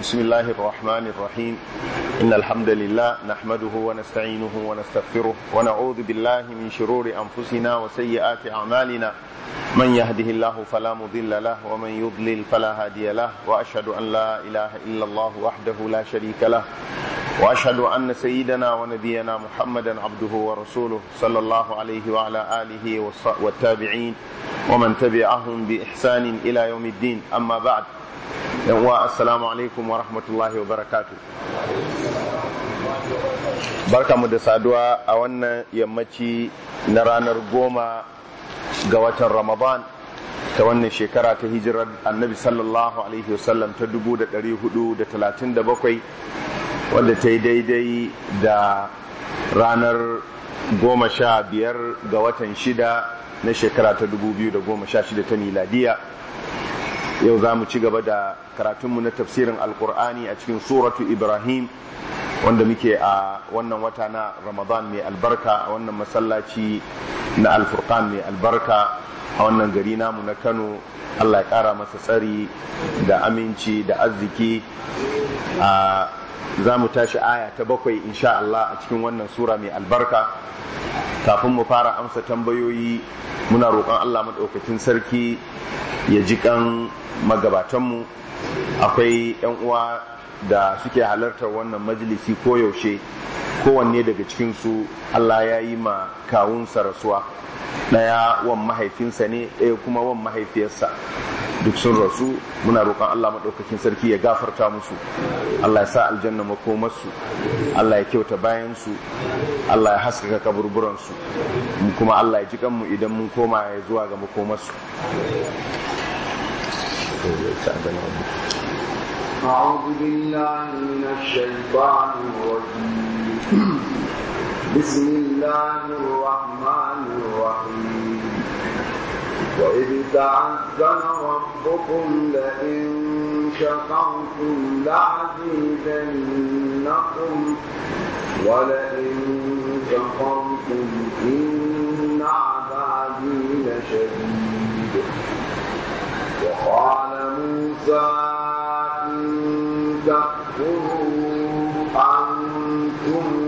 بسم الله الرحمن الرحيم إن الحمد لله نحمده ونستعينه ونستغفره ونعوذ بالله من شرور أنفسنا وسيئات أعمالنا من يهده الله فلا مضل له ومن يضلل فلا هادي له وأشهد أن لا إله إلا الله وحده لا شريك له وأشهد أن سيدنا ونبينا محمدا عبده ورسوله صلى الله عليه وعلى آله والتابعين ومن تبعهم بإحسان إلى يوم الدين أما بعد yan uwa assalamu alaikum wa rahmatullahi wa barakatu mu da saduwa a wannan yammaci na ranar goma ga watan ramadan ta wannan shekara ta hijirar annabi sallallahu alaihi wasallam ta bakwai. wadda ta yi daidai da ranar goma sha biyar ga watan shida na shekara ta shida ta miladiya yau za mu ci gaba da karatunmu na tafsirin alkur'ani a cikin suratu ibrahim wanda muke a wannan wata na ramadan mai albarka a wannan masallaci na alfurkan mai albarka a wannan gari namu na kano allah ya kara masa tsari da aminci da arziki a za mu tashi aya ta bakwai in sha Allah a cikin wannan sura mai albarka kafin mu fara amsa tambayoyi muna roƙon Allah maɗaukacin sarki ya ji kan magabatanmu akwai 'yan uwa da suke halartar wannan majalisi koyaushe kowanne daga cikinsu Allah ya yi ma kawunsa rasuwa daya wan mahaifinsa ne ɗaya kuma wan mahaifiyarsa duk sun rasu muna roƙon Allah maɗaukakin sarki ya gafarta musu Allah ya sa aljanna makomarsu Allah ya kyauta bayansu Allah ya haskaka kaburburansu kuma Allah ya ji kanmu idan mun koma ya zuwa ga makomarsu أعوذ بالله من الشيطان الرجيم بسم الله الرحمن الرحيم وإذ تعذن ربكم لئن شكرتم لعزيزنكم ولئن كفرتم إن عذابي لشديد وقال موسى إن تكفروا أنتم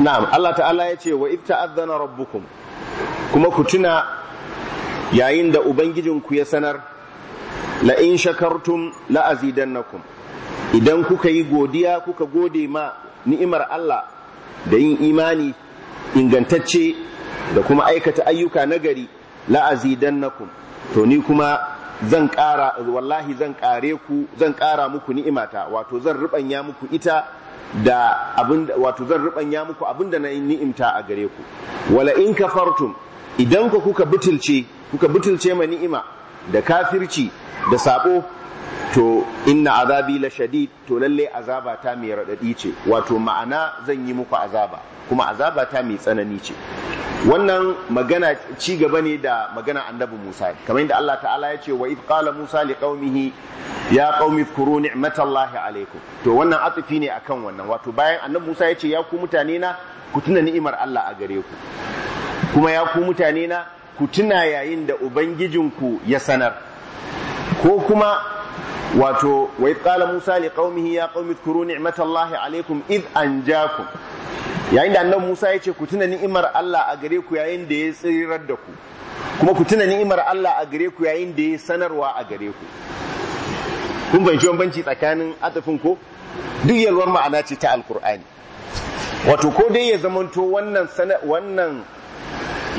na'am allah ta'ala ya ce wa نعم الله rabbukum kuma ku tuna yayin da Ubangijinku ya sanar, la'in shakartum kum. idan kuka yi godiya kuka gode ma ni'imar Allah da yin imani ingantacce da kuma aikata ayyuka nagari kum. to ni kuma zan ƙara wallahi zan ƙare ku zan ƙara muku ni'imata wato zan rubanya muku ita da abin wato zan rubanya muku abin da na ni'imta a gare ku wala in kafartum idan ku kuka butulce kuka butulce ma ni'ima da kafirci da sabo to inna azabi la shadid to lalle azaba ta mai radadi ce wato ma'ana zan yi muku azaba kuma azaba ta mai tsanani ce wannan magana ci gaba ne da magana annabi Musa kamar yadda Allah ta'ala ya ce wa id qala Musa li qaumihi ya qaumi fkuru ni'matallahi alaikum to wannan atifi ne akan wannan wato bayan annabi Musa ya ce ya ku mutane na ku tuna ni'imar Allah a gare ku kuma ya ku mutane na ku tuna yayin da ubangijinku ya sanar ko kuma wato wa idh qala musa li qaumihi ya qaumi dhkuru ni'matallahi alaikum ja anjakum yayin da annabi musa ya ce ku tuna ni'imar Allah a gare ku yayin da ya tsirar da ku kuma ku tuna ni'imar Allah a gare ku yayin da ya sanarwa a gare ku kun fahimci banci tsakanin atafin ko duk yalwar ma'ana ce ta alkur'ani wato ko dai ya zamanto wannan wannan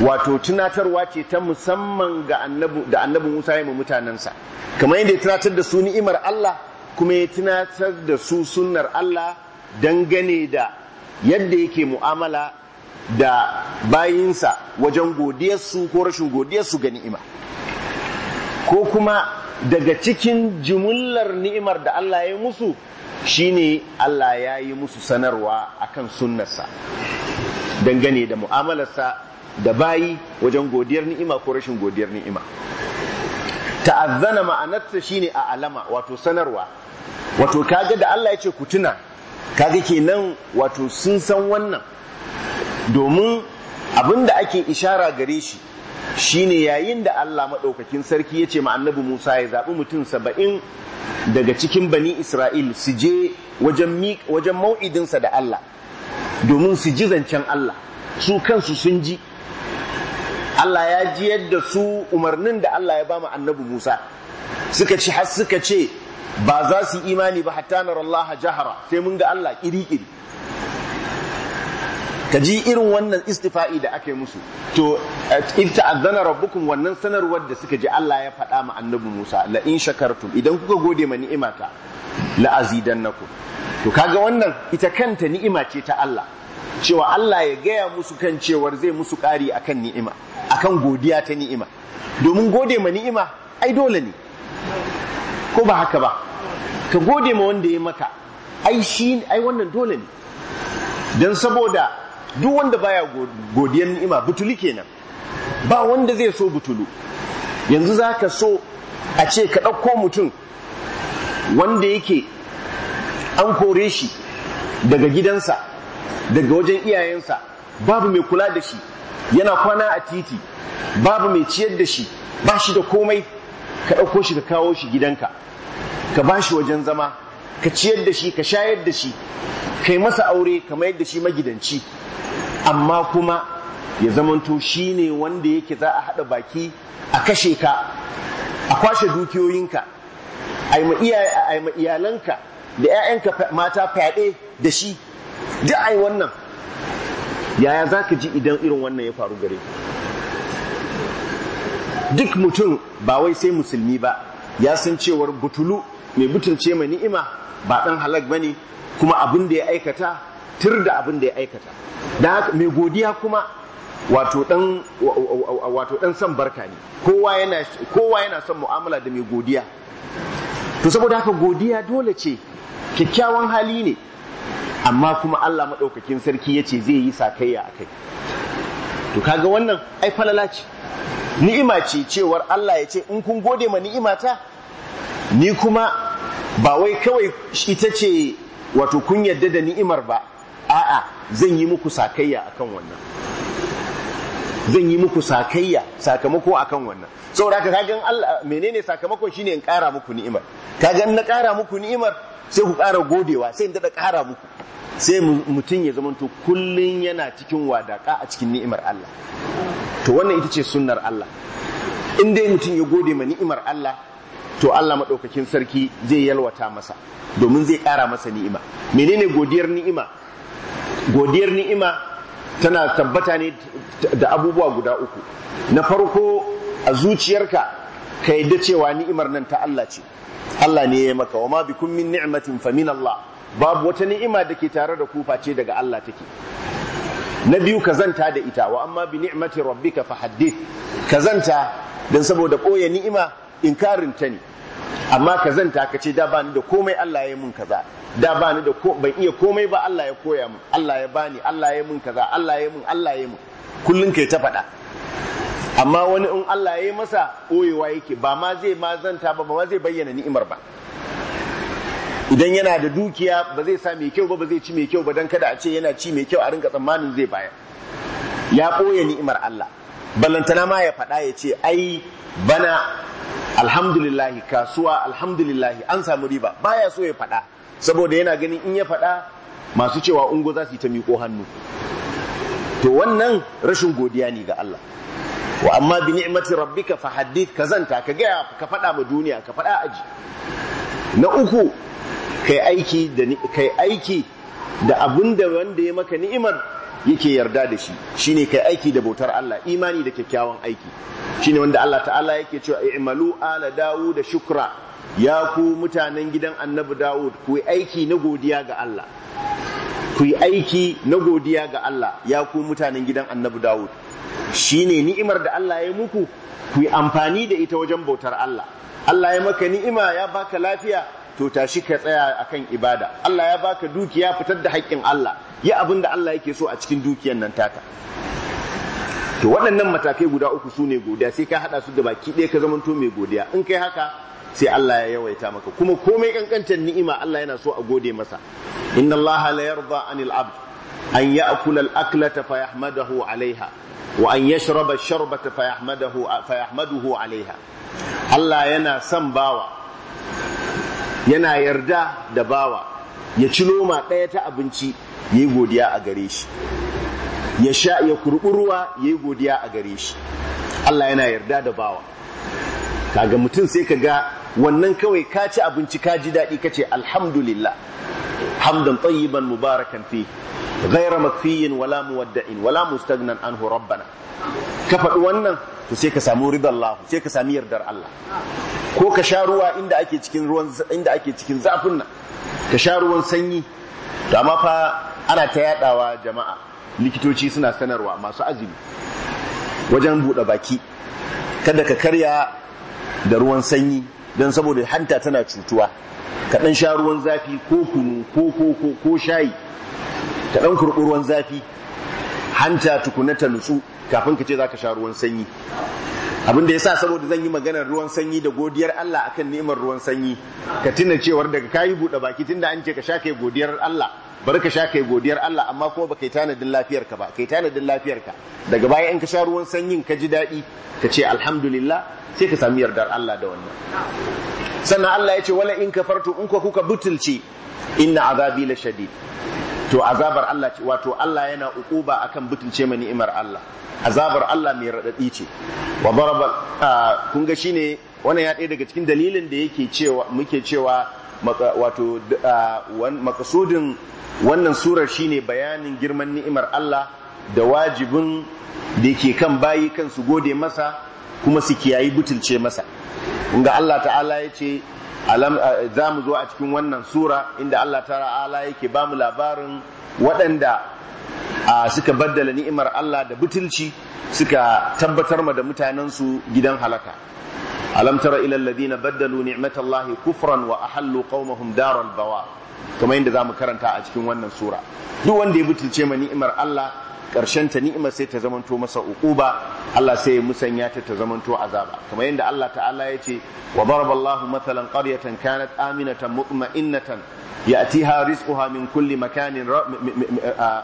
wato tunatarwa ce ta musamman ga annabu da annabi Musa ya mutanensa kamar yadda ya tunatar da su ni'imar Allah kuma ya tunatar da su sunnar Allah dangane da yadda yake mu'amala da bayinsa wajen godiyarsu ko rashin godiyarsu ga ni'ima ko kuma daga cikin jimillar ni'imar da Allah ya yi musu shine Allah ya yi musu sanarwa a kan sunnarsa dangane da mu'amalarsa da bayi wajen godiyar ni'ima ko rashin godiyar ni'ima ta'azzana ma'anarsa shine a alama wato sanarwa wato kaga da Allah ya ce ku tuna kaga kenan wato sun san wannan domin abin da ake ishara gare shi shine yayin da Allah maɗaukakin sarki ya ce ma annabi Musa ya zaɓi mutum saba'in daga cikin bani Isra'il su je wajen wajen mau'idinsa da Allah domin su ji zancen Allah su kansu sun ji Allah ya jiyar da su umarnin da Allah ya ba mu annabi Musa suka ci har suka ce ba za su imani ba hatta nar Allah jahara sai mun ga Allah kiri-kiri ka ji irin wannan istifa'i da aka yi musu to in ta'azzana rabbukum wannan sanarwar da suka ji Allah ya faɗa ma annabi Musa la in shakartum idan kuka gode ma ni'imata la azidannakum to kaga wannan ita kanta ni'ima ce ta Allah cewa Allah ya gaya musu kan cewar zai musu ƙari akan ni'ima akan godiya ta ni'ima domin gode ma ni'ima ai dole ne ko ba haka ba ka gode ma wanda ya maka ai shi ai wannan dole ne don saboda duk wanda baya godiyan ni'ima butuli kenan ba wanda zai so butulu yanzu za ka so a ce ka ɗauko mutum wanda yake an kore shi daga gidansa daga wajen iyayensa babu mai kula da shi yana kwana a titi babu mai ciyar da shi ba shi da komai ka ɗauko shi ka kawo shi gidanka ka ba shi wajen zama ka ciyar da shi ka shayar da shi ka yi masa aure ka mayar da shi magidanci amma kuma ya zamanto shi ne wanda yake za a haɗa baki a kashe ka a kwashe dukiyoyinka a yi iyalanka da 'ya'yanka mata fyaɗe da shi duk a yi wannan yaya za ka ji idan irin wannan ya faru gare duk mutum ba wai sai musulmi ba ya san cewar butulu mai butulce mai ni'ima ba ɗan halak bane kuma abin da ya aikata tur da abin da ya aikata da mai godiya kuma wato ɗan son barka ne kowa yana son mu'amala da mai godiya to saboda haka godiya dole ce kyakkyawan hali ne amma kuma Allah maɗaukakin sarki ya ce zai yi sakayya a kai to kaga wannan ai falala ce ni'ima ce cewar Allah ya ce in kun gode ma ni'ima ta? ni kuma ba wai kawai ita ce wato kun yadda da ni'imar ba a'a zan yi muku sakayya akan wannan zan yi muku sakayya sakamako akan wannan saboda ka kagan Allah menene sakamakon shine in ƙara muku ni'imar kagan na ƙara muku ni'imar sai ku ƙara godewa sai daɗa ƙara muku sai mutum ya zamanto kullum yana cikin wadaƙa a cikin ni'imar Allah to wannan ita ce sunnar Allah in dai mutum ya gode ma ni'imar Allah to Allah maɗaukakin sarki zai yalwata masa domin zai ƙara masa ni'ima menene godiyar ni'ima godiyar ni'ima tana tabbata ne da abubuwa guda uku na farko a zuciyarka ka yadda cewa ni'imar nan ta Allah ce Allah ne ya maka wa ma kun min ni'matin fa min Allah babu wata ni'ima da ke tare da ku face daga Allah take na biyu kazanta da ita wa amma bi ni'mati rabbika fa haddith kazanta dan saboda koya ni'ima inkarin ta ne amma kazanta ka ce da bani da komai Allah ya mun kaza da bani da ko ban iya komai ba Allah ya koya mun Allah ya bani Allah ya mun kaza Allah ya mun Allah ya mun kullun kai ta faɗa amma wani in Allah ya yi masa ɓoyewa yake ba ma zai ma zanta ba ba ma zai bayyana ni'imar ba idan yana da dukiya ba zai sa mai kyau ba ba zai ci mai kyau ba dan kada a ce yana ci mai kyau a rinka tsammanin zai bayar ya ɓoye ni'imar Allah ballantana ma ya faɗa ya ce ai bana alhamdulillahi kasuwa alhamdulillahi an samu riba baya so ya faɗa saboda yana ganin in ya faɗa masu cewa ungo za su yi ta miƙo hannu to wannan rashin godiya ne ga Allah wa amma bi ni'mati rabbika fa hadith kazanta ka gaya ka faɗa ma duniya ka faɗa aji na uku kai aiki da kai aiki da abinda wanda ya maka ni'imar yake yarda da shi shine kai aiki da bautar Allah imani da kyakkyawan aiki shine wanda Allah ta'ala yake cewa i'malu ala da shukra ya ku mutanen gidan annabi Dawud ku aiki na godiya ga Allah ku aiki na godiya ga Allah ya ku mutanen gidan annabi Dawud Shi ne ni'imar da Allah ya muku ku yi amfani da ita wajen bautar Allah Allah ya maka ni'ima ya baka lafiya to tashi ka tsaya akan ibada Allah ya baka dukiya fitar da haƙƙin Allah Yi abin da Allah yake so a cikin dukiyar nan taka to waɗannan matakai guda uku su ne godiya sai ka haɗa su da baki ɗaya ka zamanto mai godiya in kai haka sai Allah ya yawaita maka kuma komai ƙanƙantar ni'ima Allah yana so a gode masa inna Allah la yarda anil abd an ya'kula al-aklata fa yahmadahu alaiha wa an yashraba sharbata fayahmadahu fayahmaduhu alaiha Allah yana son bawa yana yarda da bawa ya ci noma ɗaya ta abinci ya yi godiya a gare shi ya sha ya kurɓi ruwa ya yi godiya a gare shi Allah yana yarda da bawa kaga mutum sai ka ga wannan kawai ka ci abinci ka ji daɗi ka ce alhamdulillah hamdan tayyiban mubarakan fi غير مكفي ولا مودع ولا مستغنى عنه ربنا كفد wannan to sai ka samu ridan Allah sai ka sami yardar Allah ko ka sha ruwa inda ake cikin ruwan inda ake cikin zafin nan ka sha ruwan sanyi to amma fa ana ta yadawa jama'a likitoci suna sanarwa masu azumi wajen bude baki kada ka karya da ruwan sanyi don saboda hanta tana cutuwa ka dan sha ruwan zafi ko kunu ko ko ko shayi ta ɗan kurɓi ruwan zafi hanta tukuna ta nutsu kafin ka ce za ka sha ruwan sanyi abinda ya sa saboda zan yi maganar ruwan sanyi da godiyar Allah akan neman ruwan sanyi ka tuna cewar daga kayi buɗe baki tunda an ce ka sha kai godiyar Allah bari ka sha kai godiyar Allah amma kuma ba kai tanadin ka ba kai tanadin ka. daga baya in ka sha ruwan sanyin ka ji daɗi ka ce alhamdulillah sai ka sami yardar Allah da wannan sannan Allah ya ce wala in kafartu in ku kuka butulce inna azabi la shadid to azabar Allah ce wato Allah yana ukuba akan butulce ma ni'imar Allah azabar Allah mai radadi ce wa baraba kun ga shine wannan ya ɗaya daga cikin dalilin da yake cewa muke cewa wato makasudin wannan surar shine bayanin girman ni'imar Allah da wajibin da yake kan bayi kansu gode masa kuma su kiyayi butulce masa kun ga Allah ta'ala ya ce za mu zo a cikin wannan sura inda Allah ta'ala yake ba mu labarin waɗanda suka baddala ni'imar Allah da butulci suka tabbatar ma da mutanensu gidan halaka alam tara ilal ladina baddalu ni'matallahi kufran wa ahallu qaumahum daral bawa kamar yadda mu karanta a cikin wannan sura duk wanda ya butulce ma ni'imar Allah karshen ta ni'imar sai ta zamanto masa uquba Allah sai ya musanya ta ta zamanto azaba kamar yadda Allah ta'ala ya ce wa barballahu mathalan qaryatan kanat aminatan mutma'innatan ya'tiha rizquha min kulli makanin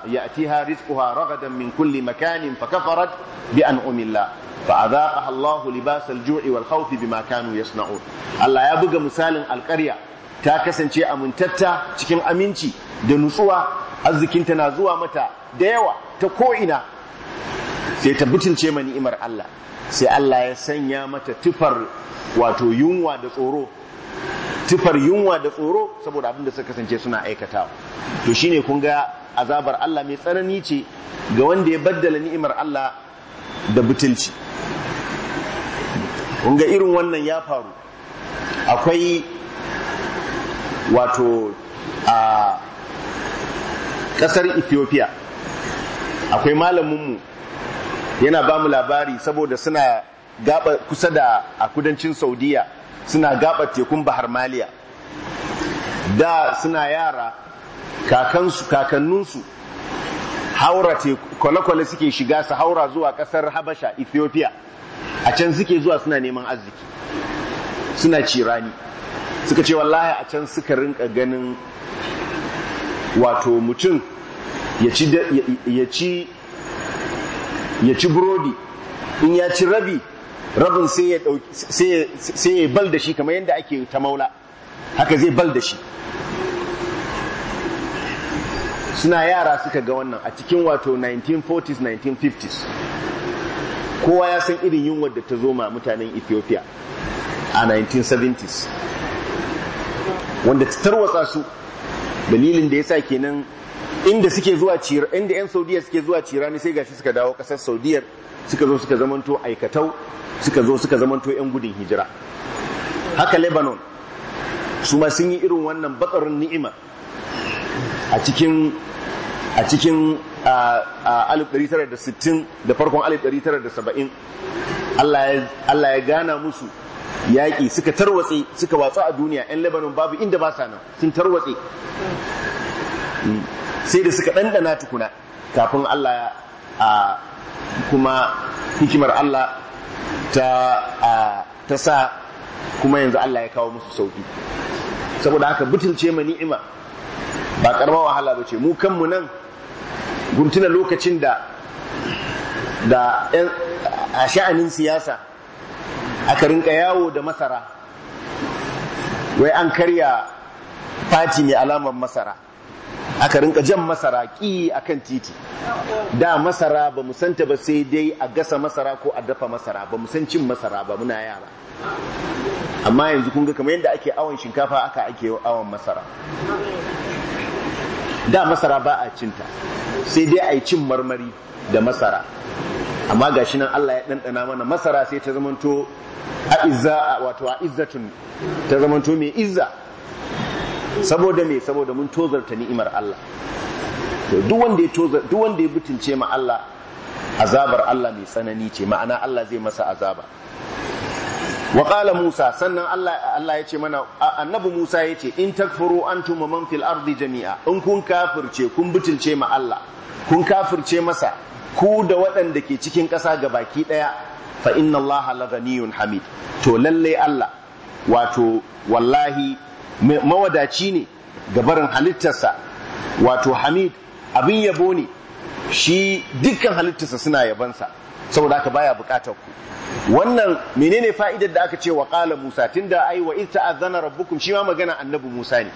ya'tiha rizquha ragadan min kulli makanin fakafarat bi an'umillah فأذاقها الله لباس الجوع والخوف ya كانوا يصنعون الله يا بغى مثال القرية ta kasance amintatta cikin aminci da nutsuwa arzikinta na zuwa mata da yawa ta ko'ina sai ta ce ma ni'imar Allah sai Allah ya sanya mata tufar wato yunwa da tsoro tufar yunwa da tsoro saboda abin da suka kasance suna aikatawa to shine kun ga azabar Allah mai tsanani ce ga wanda ya baddala ni'imar Allah da butulci kun ga irin wannan ya faru akwai wato a ƙasar Ethiopia akwai malaminmu yana ba mu labari saboda suna gaba kusa da a kudancin saudiya suna gaba tekun bahar maliya da suna yara kakansu kakanninsu haura kwale-kwale suke shiga su haura zuwa kasar habasha ethiopia a can suke zuwa suna neman arziki suna cirani suka ce wallahi a can suka rinka ganin wato mutum ya ci burodi in ya ci rabi rabin sai ya bal da shi kamar yadda ake ta maula haka zai bal da shi suna yara suka ga wannan a cikin wato 1940s 1950s kowa ya san irin yin da ta zo ma mutanen ethiopia a 1970s wanda ta tarwatsa su dalilin da ya sa kenan inda suke zuwa cira inda yan saudiya suke zuwa cira ne sai gashi suka dawo kasar saudiya suka zo suka zamanto aikatau suka zo suka zamanto yan gudun hijira haka lebanon su ma sun yi irin wannan batsarin ni'ima a cikin a cikin a 1960 da farkon 1970 Allah ya gana musu yaƙi suka tarwatse suka watsa a duniya 'yan lebanon babu inda ba sa nan sun tarwatse sai da suka ɗanɗana tukuna kafin Allah a kuma hikimar Allah ta sa kuma yanzu Allah ya kawo musu sauki saboda haka butulce ma ni'ima ba karamar wahala ba ce mu kanmu nan guntuna lokacin da da a sha'anin siyasa aka rinka yawo da masara wai an karya fati mai alamar masara aka rinka jan masara ki a kan titi da masara ba mu santa ba sai dai a gasa masara ko a dafa masara ba mu san cin masara ba muna yara amma yanzu kun ga kamar yadda ake awon shinkafa aka ake awon masara da masara ba a cinta sai dai a yi cin marmari da masara amma ga shi nan Allah ya ɗanɗana mana masara sai ta zamanto a izza wato a izzatun ta zamanto mai izza saboda me saboda mun tozarta ni'imar Allah to duk wanda ya tozar ma Allah azabar Allah mai tsanani ce ma'ana Allah zai masa azaba wa qala Musa sannan Allah ya ce mana annabi Musa ya ce in takfuru antum man fil ardi jami'a in kun kafirce kun butunce ma Allah kun kafirce masa ku da waɗanda ke cikin ƙasa ga baki ɗaya fa inna Allah la hamid to lallai Allah wato wallahi mawadaci ne ga barin halittarsa wato hamid abin yabo ne shi dukkan halittarsa suna yabansa saboda haka baya bukatar ku wannan menene fa'idar da aka ce wa kala musa tunda ai wa a azana rabbukum shi ma magana annabi musa ne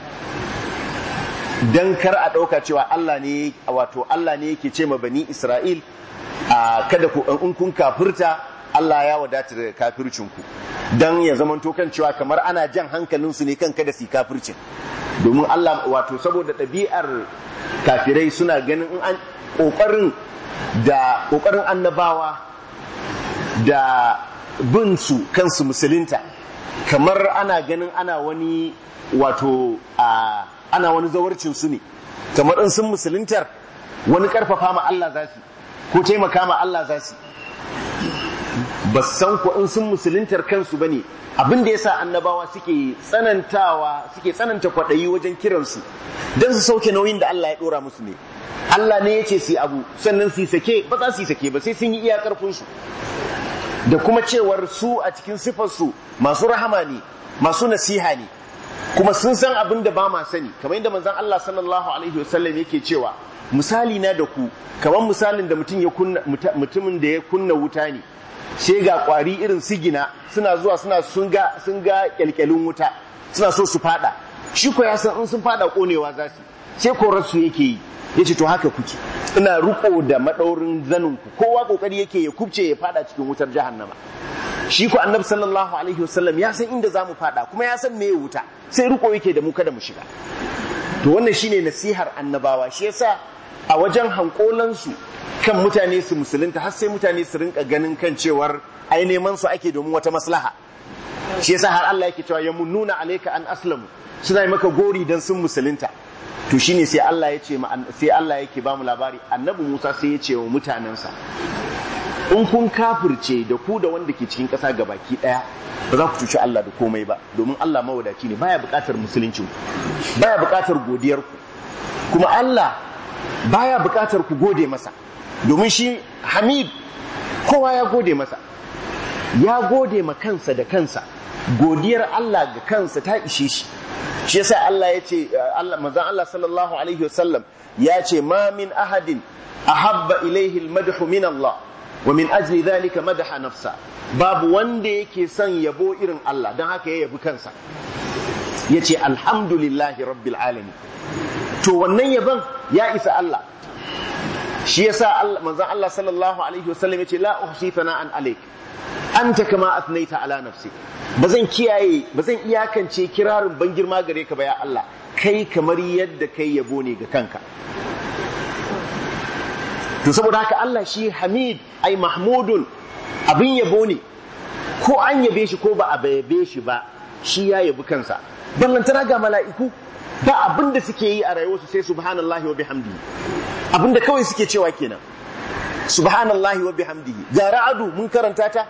dan kar a dauka cewa Allah ne wato Allah ne yake ce ma bani Isra'il a kada ku in kun kafirta Allah ya wadata daga kafircinku don ya zamanto kan cewa kamar ana jan hankalin su ne kan kada su kafircin domin Allah wato saboda ɗabi'ar kafirai suna ganin ƙoƙarin da ƙoƙarin annabawa da bin su kansu musulunta kamar ana ganin ana wani wato a ana wani zawarcin su ne kamar in sun musuluntar wani ƙarfafa ma Allah za su ko taimaka ma Allah za su ba san ku in sun musuluntar kansu bane abin da yasa annabawa suke tsanantawa suke tsananta kwaɗayi wajen kiransu don su sauke nauyin da Allah ya ɗora musu ne Allah ne ya ce su abu sannan su sake ba za su sake ba sai sun yi iya karfinsu da kuma cewar su a cikin su masu rahama ne masu nasiha ne kuma sun san abin da ba ma sani kamar yadda manzon Allah sallallahu alaihi wasallam yake cewa misali na da ku kamar misalin da mutumin da ya kunna wuta ne sai ga kwari irin sigina suna zuwa suna sun ga kyalkyalin wuta suna so su fada shi ko ya san in sun fada konewa za su sai yake yi yace to haka kuke ina riko da madaurin zanin ku kowa kokari yake ya kubce ya fada cikin wutar jahannama shi ku annabi sallallahu alaihi wasallam ya san inda zamu fada kuma ya san me wuta sai riko yake da mu kada mu shiga to wannan shine nasihar annabawa shi yasa a wajen hankolan su kan mutane su musulunta har sai mutane su rinka ganin kan cewar ai neman su ake domin wata maslaha shi yasa har Allah yake cewa yamununa alayka an aslamu suna yi maka gori dan sun musulunta to shine sai Allah ya ce sai Allah yake ba mu labari annabi Musa sai ya ce wa mutanensa in kun kafirce da ku da wanda ke cikin ƙasa gabaki ɗaya ba za ku cuci Allah da komai ba domin Allah mawadaci ne baya buƙatar musulunci baya buƙatar godiyar ku kuma Allah baya buƙatar ku gode masa domin shi Hamid kowa ya gode masa ya gode ma kansa da kansa godiyar Allah ga kansa ta ishe shi shi yasa Allah ya ce Allah manzon Allah sallallahu alaihi wasallam ya ce ma min ahadin ahabba ilaihi almadhu min Allah wa min ajli dhalika madaha nafsa babu wanda yake son yabo irin Allah dan haka ya yabi kansa yace alhamdulillahi rabbil alamin to wannan yaban ya isa Allah shi yasa manzon Allah sallallahu alaihi wasallam yace la uhsi an alaik anta kama athnaita ala nafsi bazan kiyaye bazan iyakance kirarin ban girma gare ka ba ya Allah kai kamar yadda kai yabo ne ga kanka to saboda haka Allah shi hamid ai mahmudun abin yabo ne ko an yabe shi ko ba a yabe shi ba shi ya yabi kansa ballantana ga mala'iku ba abin da suke yi a rayuwarsu sai subhanallahi wa bihamdi abin da kawai suke cewa kenan subhanallahi wa bihamdihi ga ra'adu mun karanta ta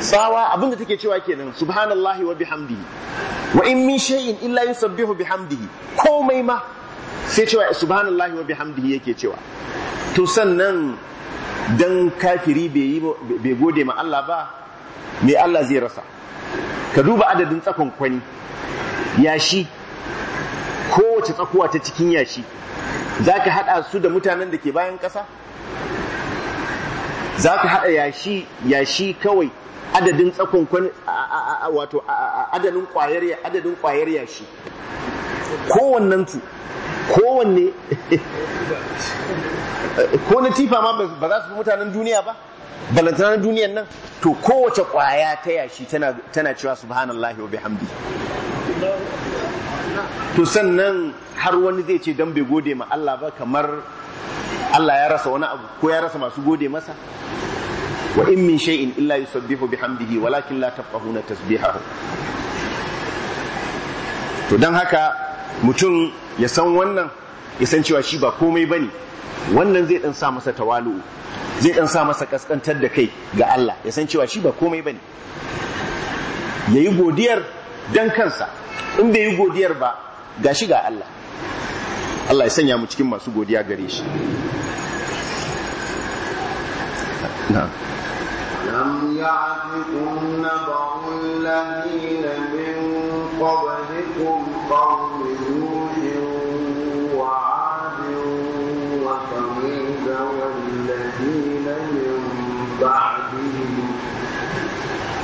tsawa abin da take cewa kenan subhanallahi wa bihamdihi wa in min shay'in illa yusabbihu bihamdihi komai ma sai cewa subhanallah wa bihamdihi yake cewa to sannan dan kafiri bai gode ma Allah ba me Allah zai rasa ka duba adadin tsakon kwani yashi kowace tsakuwa ta cikin yashi za ka haɗa su da mutanen da ke bayan ƙasa za ka haɗa yashi yashi kawai adadin tsakon kwani wato adadin kwayar yashi tu kowanne ko na tifa ma ba za su fi mutanen duniya ba balantana na duniyan nan to kowace kwaya ta yashi tana cewa subhanallahi wa bihamdi to sannan har wani zai ce dan bai gode ma Allah ba kamar Allah ya rasa wani abu ko ya rasa masu gode masa wa in min shay'in illa yusabbihu bihamdihi walakin la tafqahuna tasbihahu to don haka mutum ya san wannan ya san cewa shi ba komai ba ne wannan zai dan sa masa tawalu zai dan sa masa kaskantar da kai ga Allah ya san cewa shi ba komai ba ne. Ya yi godiyar dan kansa in bai yi godiyar ba ga shi ga Allah Allah ya sanya mu cikin masu godiya gare shi na'am لم يعتكم نبع الذين من قبلكم قوم نوح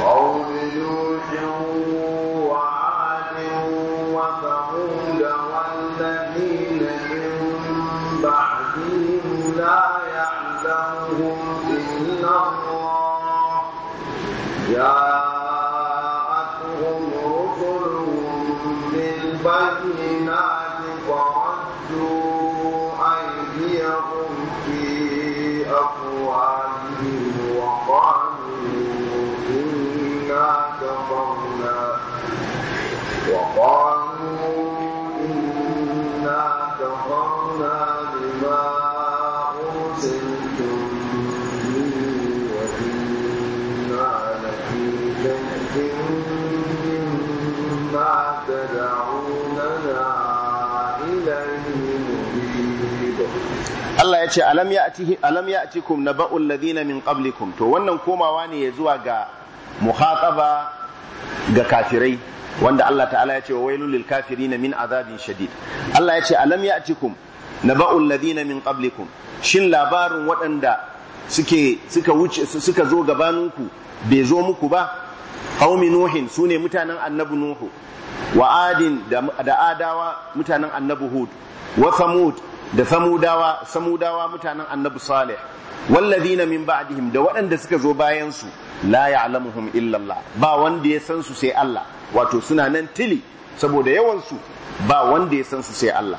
قوم نوح ce alam na ba'ul ladina min qablikum to wannan komawa ne ya zuwa ga muhaqaba ga kafirai wanda Allah ta'ala ya ce wa wailul lil kafirina min azabin shadid Allah ya ce alam na ba'ul ladina min qablikum shin labarin waɗanda suke suka wuce suka zo gabaninku bai zo muku ba qaumi nuhin sune mutanen annabi nuhu wa adin da adawa mutanen annabi hud wa samud da samudawa samudawa mutanen annabi salih wallazina min ba'dihim da waɗanda suka zo bayan su la ya'lamuhum illa Allah ba wanda ya san su sai Allah wato suna nan tili saboda yawan su ba wanda ya san su sai Allah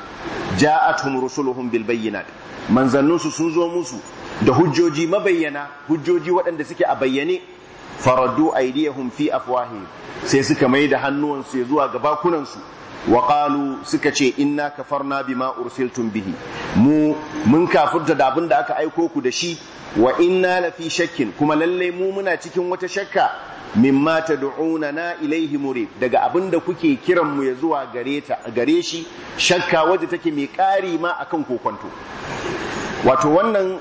ja'atuhum rusuluhum bil bayyinat manzannun su sun zo musu da hujjoji mabayyana hujjoji waɗanda suke a bayyane faradu aydiyahum fi afwahi sai suka mai da hannuwansu zuwa ga bakunansu waƙalu suka ce inna bi bima ursiltum bihi mu mun kafir da abin da aka aiko ku da shi wa na lafi shakkin kuma lallai mu muna cikin wata shakka mimma tad'una na ilaihi mure daga abin da kuke kiran mu ya zuwa gare shi shakka wadda take mai kari ma akan kokonto wato wannan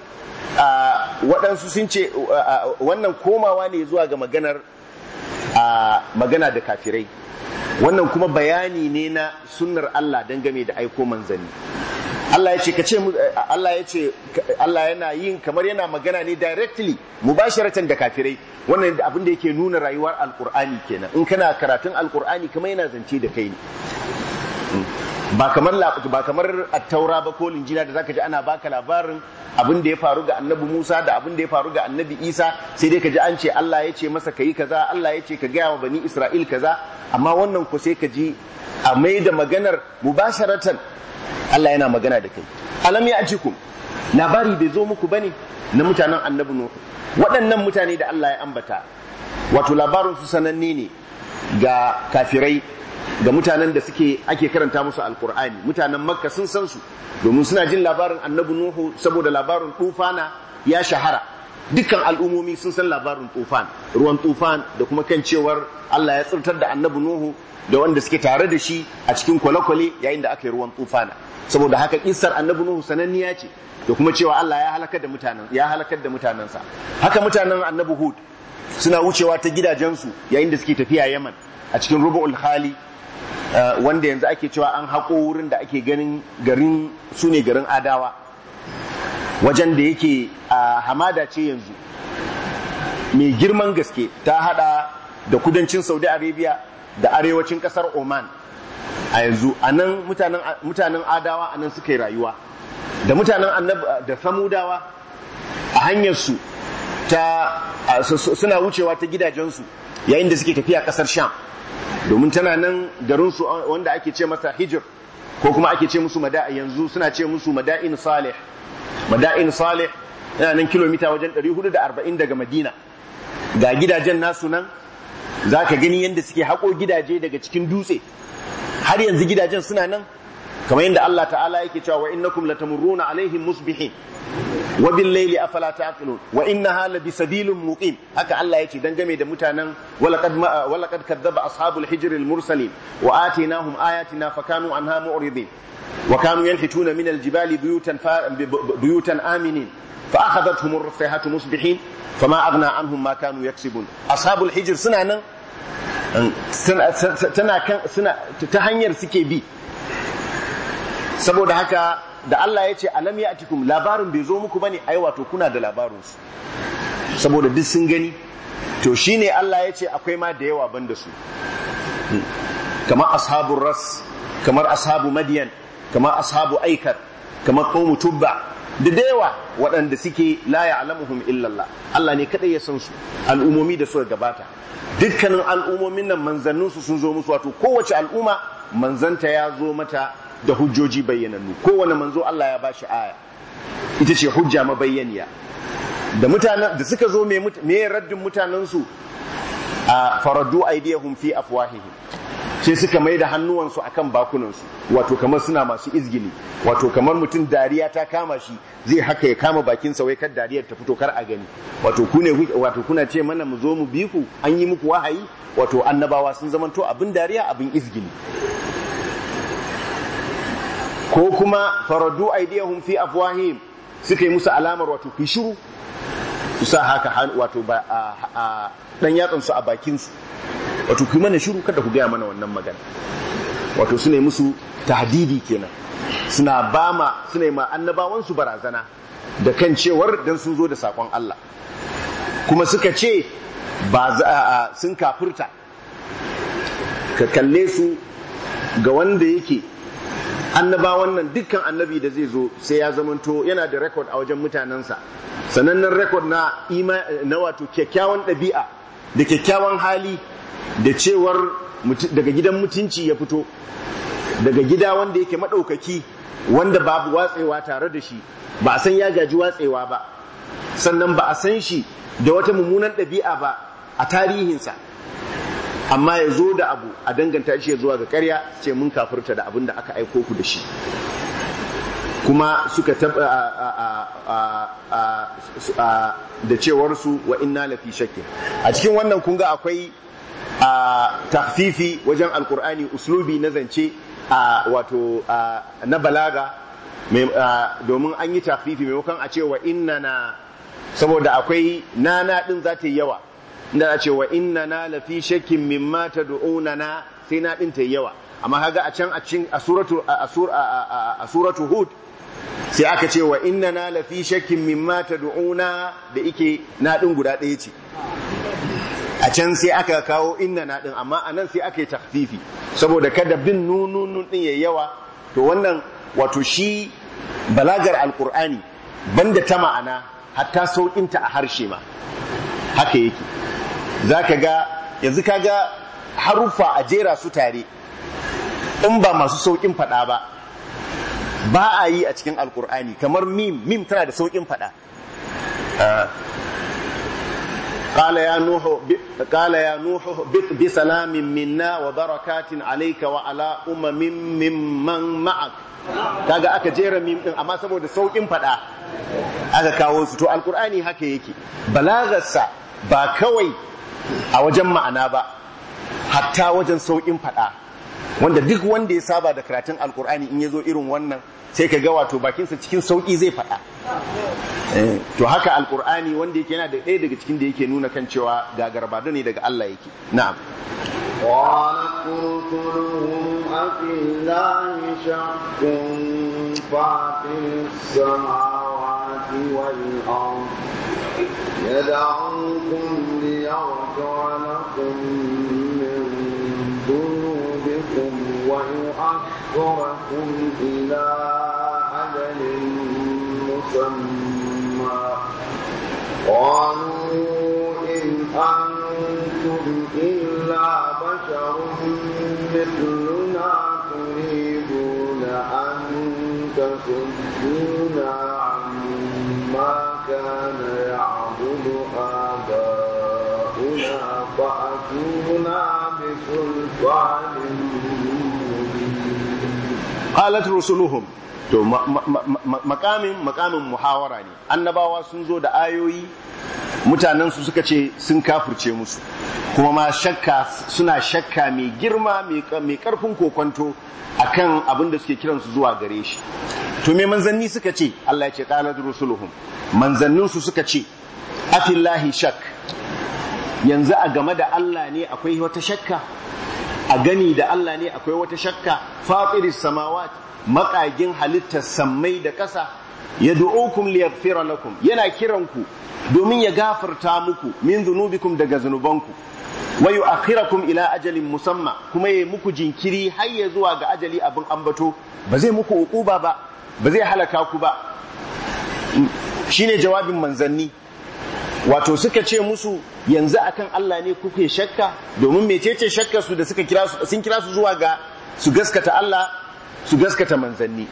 waɗansu sun ce wannan komawa ne zuwa ga maganar a magana da kafirai wannan kuma bayani ne na sunnar Allah dangane da aiko manzanni Allah ya ce ka ce Allah ya ce Allah yana yin kamar yana magana ne directly mubasharatan da kafirai wannan abin da yake nuna rayuwar alkur'ani kenan in kana karatun alkur'ani kamar yana zance da kai ne ba kamar ba kamar attaura ba ko linjina da zaka ji ana baka labarin abin da ya faru ga annabi Musa da abin da ya faru ga annabi Isa sai dai ka ji an ce Allah ya ce masa kayi kaza Allah ya ce ka gaya wa bani Isra'il kaza amma wannan ku sai ka ji a mai da maganar mubasharatan Allah yana magana da kai alam ya ajiku labari bai zo muku bane na mutanen annabi Nuhu waɗannan mutane da Allah ya ambata wato labarin su sananne ne ga kafirai ga mutanen da suke ake karanta musu alkur'ani mutanen makka sun san su domin suna jin labarin annabi nuhu saboda labarin tufana ya shahara dukkan al'umomi sun san labarin tufan ruwan tufan da kuma kan cewar Allah ya tsirtar da annabi nuhu da wanda suke tare da shi a cikin kwale-kwale yayin da aka yi ruwan tufana saboda haka kissar annabi nuhu sananniya ce da kuma cewa Allah ya halakar da mutanen ya halakar da mutanensa haka mutanen annabi hud suna wucewa ta gidajensu yayin da suke tafiya yaman a cikin rubu'ul hali Eh, wanda yanzu ake cewa an haƙo wurin da ake ganin garin su ne garin adawa wajen da yake a hamada ce yanzu mai girman gaske ta hada da kudancin saudi arabia da arewacin kasar oman a yanzu a nan mutanen adawa a nan suka yi rayuwa da mutanen da samudawa a hanyarsu ta suna wucewa ta gidajensu yayin da suke tafiya kasar sham domin tana nan garinsu wanda ake ce masa hijir ko kuma ake ce musu mada'a yanzu suna ce musu mada'in salih mada'in salih yana nan kilomita wajen 440 daga madina ga gidajen nasu nan za ka gani yadda suke haƙo gidaje daga cikin dutse har yanzu gidajen suna nan kamar yadda Allah ta'ala yake cewa wa innakum latamurruna alaihim musbihin wa bil layli afala taqilun wa innaha la bisabilin muqim haka Allah yake dangane da mutanen walaqad walaqad kadzaba ashabul hijr al mursalin wa atinahum ayatina fakanu anha mu'ridin wa kanu yanhituna min al jibali buyutan buyutan aminin فأخذتهم الرصيحة مصبحين فما أغنى عنهم ما كانوا يكسبون أصحاب الحجر سنة نن سنة سنة سنة تهنير سكي bi. saboda haka da Allah ya ce alam ya atikum labarin bai zo muku bane ai wato kuna da labarin su saboda duk sun gani to shine Allah ya ce akwai ma da yawa banda su kamar ashabur ras kamar ashabu madiyan kamar ashabu aikar kamar qaumu tubba da da yawa waɗanda suke la ya'lamuhum illa Allah ne kadai ya san su al'umomi da suka gabata dukkanin al'umomin nan manzannunsu sun zo musu wato kowace al'umma manzanta ya zo mata da hujjoji bayyanannu kowane manzo Allah ya bashi aya ita ce hujja mabayyaniya da mutanen da suka zo me raddin mutanensu, su a faradu aidiyahum fi afwahihim sai suka mai da hannuwansu akan bakunansu wato kamar suna masu izgili wato kamar mutum dariya ta kama shi zai haka ya kama bakin wai kar dariyar ta fito kar a gani wato kuna ce mana mu zo mu bi ku an yi muku wahayi wato annabawa sun zamanto abin dariya abin izgili ko kuma faradu aidiyahum fi afwahim suka yi musu alamar wato ku shiru su sa haka wato ba a dan yatsansu a bakinsu. wato ku mana shiru kada ku gaya mana wannan magana wato suna yi musu tahdidi kenan suna ba ma suna yi ma annabawansu barazana da kan cewar dan sun zo da sakon Allah kuma suka ce ba sun kafurta. ka kalle su ga wanda yake annaba wannan dukkan annabi da zai zo sai ya zamanto yana da rekod a wajen mutanensa sanannen rekod na na wato kyakkyawan ɗabi'a da kyakkyawan hali da cewar daga gidan mutunci ya fito daga gida wanda yake maɗaukaki wanda babu watsewa tare da shi ba a san ya gaji watsewa ba sannan ba a san shi da wata mummunan ɗabi'a ba a tarihinsa amma ya zo da abu a danganta shi zuwa ga karya ce mun kafurta da abin da aka aiko ku da shi kuma suka taba da cewar su wa inna lafi shakkin a cikin wannan kun ga akwai tahfifi wajen alkur'ani uslubi na zance wato na balaga domin an yi tahfifi maimakon a cewa inna na saboda akwai nana din zata yi yawa inda ce wa inna na lafi shakkin mimma du'una na sai na din yawa amma haga a can a suratu a hud sai aka ce wa inna na lafi shakkin mimma du'una da ike na din guda ɗaya ce a can sai aka kawo inna na din amma anan sai aka yi takfifi saboda kada bin nunun din yayi yawa to wannan wato shi balagar alqur'ani banda ta ma'ana hatta sauƙinta a harshe ma haka yake za ka ga yanzu ka ga haruffa a jera su tare in ba masu sauƙin faɗa ba ba a yi a cikin alkur'ani kamar mim mim tana da sauƙin faɗa Kala ya Nuhu bi salamin wa wa barakatin alaika wa ala umamin امم ممن معك kaga aka jera mim ɗin, amma saboda saukin faɗa aka kawo su to alkur'ani haka yake balagarsa ba kawai a wajen ma'ana ba hatta wajen sauƙin faɗa wanda duk wanda ya saba da karatun alkur'ani in ya zo irin wannan sai ka ga wato bakinsa cikin sauƙi zai faɗa eh, to haka alkur'ani wanda yake yana da ɗaya daga cikin da yake nuna kan cewa ga garbado ne daga Allah yake na'am قال يدعوكم ليغفر لكم من ذنوبكم ويؤخركم إلى أجل مسمى قالوا إن أنتم إلا بشر مثلنا تريدون أن تصدونا عما كان يعبد آباؤنا فأتونا بسلطان مبين قالت رسلهم to makamin makamin muhawara ne annabawa sun zo da ayoyi mutanen su suka ce sun kafurce musu kuma ma shakka suna shakka mai girma mai karfin kokonto akan abin da suke kiransu zuwa gare shi to me manzanni suka ce Allah ya ce qalat rusuluhum manzannin su suka ce afillahi shak yanzu a game da Allah ne akwai wata shakka a gani da Allah ne akwai wata shakka fatiris samawat maƙagin halittar sammai da ƙasa ya du'ukum liyaghfira lakum yana kiranku domin ya gafarta muku min zunubikum daga zunubanku wa yu'akhirakum ila ajalin musamma kuma ya muku jinkiri har ya zuwa ga ajali abin ambato ba zai muku uquba ba ba zai halaka ku ba shine jawabin manzanni wato suka ce musu yanzu akan Allah ne kuke shakka domin mecece shakkar su da suka sun kira su zuwa ga su gaskata Allah su gaskata manzanni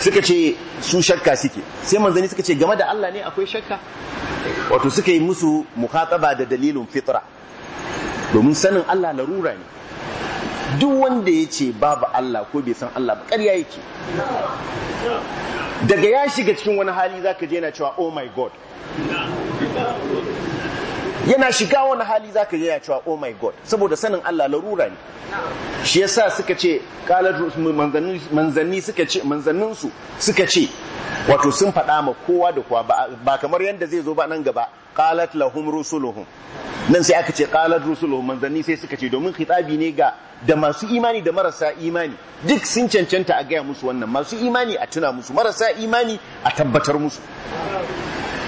suka ce su shakka suke sai manzanni suka ce game da Allah ne akwai shakka wato suka yi musu muhataba da dalilin fitra domin sanin Allah larura ne duk wanda ya ce babu Allah ko bai san Allah ba ƙarya yake daga ya shiga cikin wani hali zaka je yana cewa oh my god yana shiga wani hali za ka yaya cewa oh my god saboda sanin Allah larura ne shi ya sa suka ce qalat manzanni suka ce manzannin su suka ce wato sun faɗa ma kowa da kowa ba kamar yadda zai zo ba nan gaba qalat lahum rusuluhum nan sai aka ce qalat rusuluhum manzanni sai suka ce domin khitabi ne ga da masu imani da marasa imani duk sun cancanta a gaya musu wannan masu imani a tuna musu marasa imani a tabbatar musu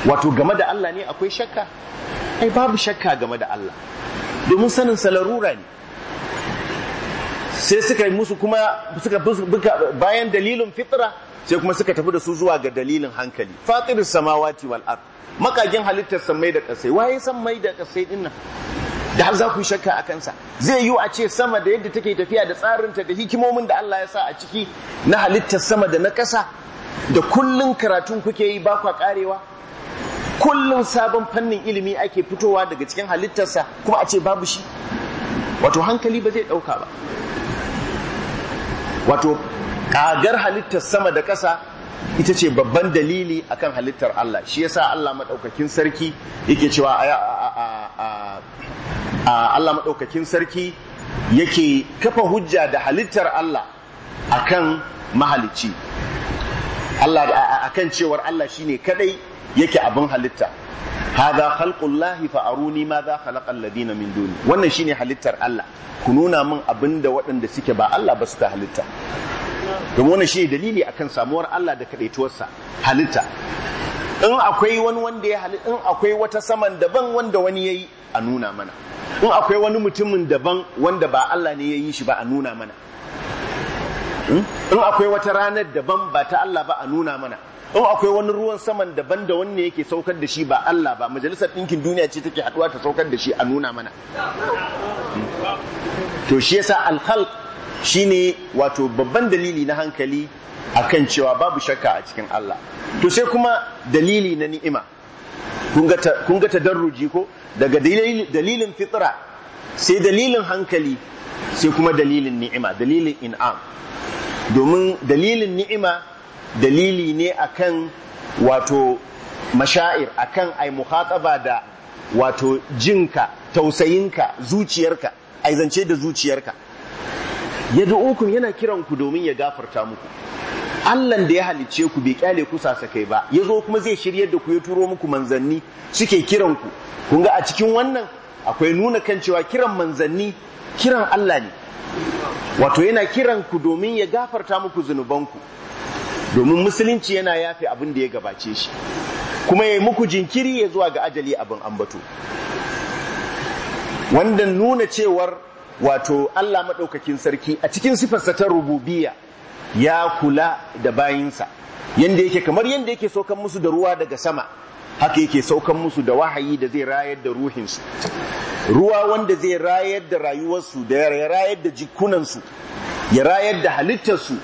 wato game da Allah ne akwai shakka ai babu shakka game da Allah domin sanin salarura ne sai suka yi musu kuma suka bayan dalilin fitra sai kuma suka tafi da su zuwa ga dalilin hankali fatirin samawati wal ard makagin halittar sammai da kasai waye sammai da kasai din nan da har za ku shakka a kansa zai yi a ce sama da yadda take tafiya da tsarinta da hikimomin da Allah ya sa a ciki na halittar sama da na kasa da kullun karatun kuke yi ba kwa karewa kullum sabon fannin ilimi ake fitowa daga cikin halittarsa kuma a ce babu shi wato hankali ba zai ɗauka ba wato ƙagar halittar sama da ƙasa ita ce babban dalili akan halittar Allah shi yasa Allah maɗaukakin sarki yake cewa Allah maɗaukakin sarki yake kafa hujja da halittar Allah akan mahalicci Allah akan cewar Allah shine kadai yake abin halitta hadha khalqullahi fa aruni ma za khalaqa ladina min duni wannan shine halittar Allah ku nuna min abinda waɗanda suke ba Allah ba suka halitta domin wannan shine dalili akan samuwar Allah da kadaituwarsa halitta in akwai wani wanda ya halitta in akwai wata saman daban wanda wani yayi a nuna mana in akwai wani mutumin daban wanda ba Allah ne ya yi shi ba a nuna mana Hmm? in akwai wata ranar daban ba ta Allah ba a nuna mana in akwai wani ruwan saman daban da wanne yake saukar da shi ba Allah ba majalisar ɗinkin duniya ce take haɗuwa ta saukar da shi a nuna mana hmm? to shi yasa alhalk shine wato babban dalili na hankali akan cewa babu shakka a cikin Allah to sai kuma dalili na ni'ima kun ga tadarruji ko daga dalilin fitra sai dalilin hankali sai kuma dalilin ni'ima dalilin in'am domin dalilin ni'ima dalili ne akan wato mashair akan ai muhataba da wato jinka tausayinka zuciyarka aizance da zuciyarka ya ukun yana kiran ku domin ya gafarta muku Allahn da ya halicce ku bai kyale ku kai ba ya zo kuma zai shiryar da ku ya turo muku manzanni suke kiran ku kun ga a cikin wannan akwai nuna kan cewa kiran manzanni kiran Allah ne wato yana kiran ku domin ya gafarta muku zunubanku domin musulunci yana yafe abin da ya gabace shi kuma ya muku jinkiri ya zuwa ga ajali abin ambato wanda nuna cewar wato Allah maɗaukakin sarki a cikin sifarsa ta rububiya ya kula da bayinsa yanda yake kamar yanda yake sokan musu da ruwa daga sama haka yake saukan musu da wahayi da zai rayar da ruhinsu ruwa wanda zai rayar da rayuwarsu da ya rayar da jikunansu ya rayar da halittarsu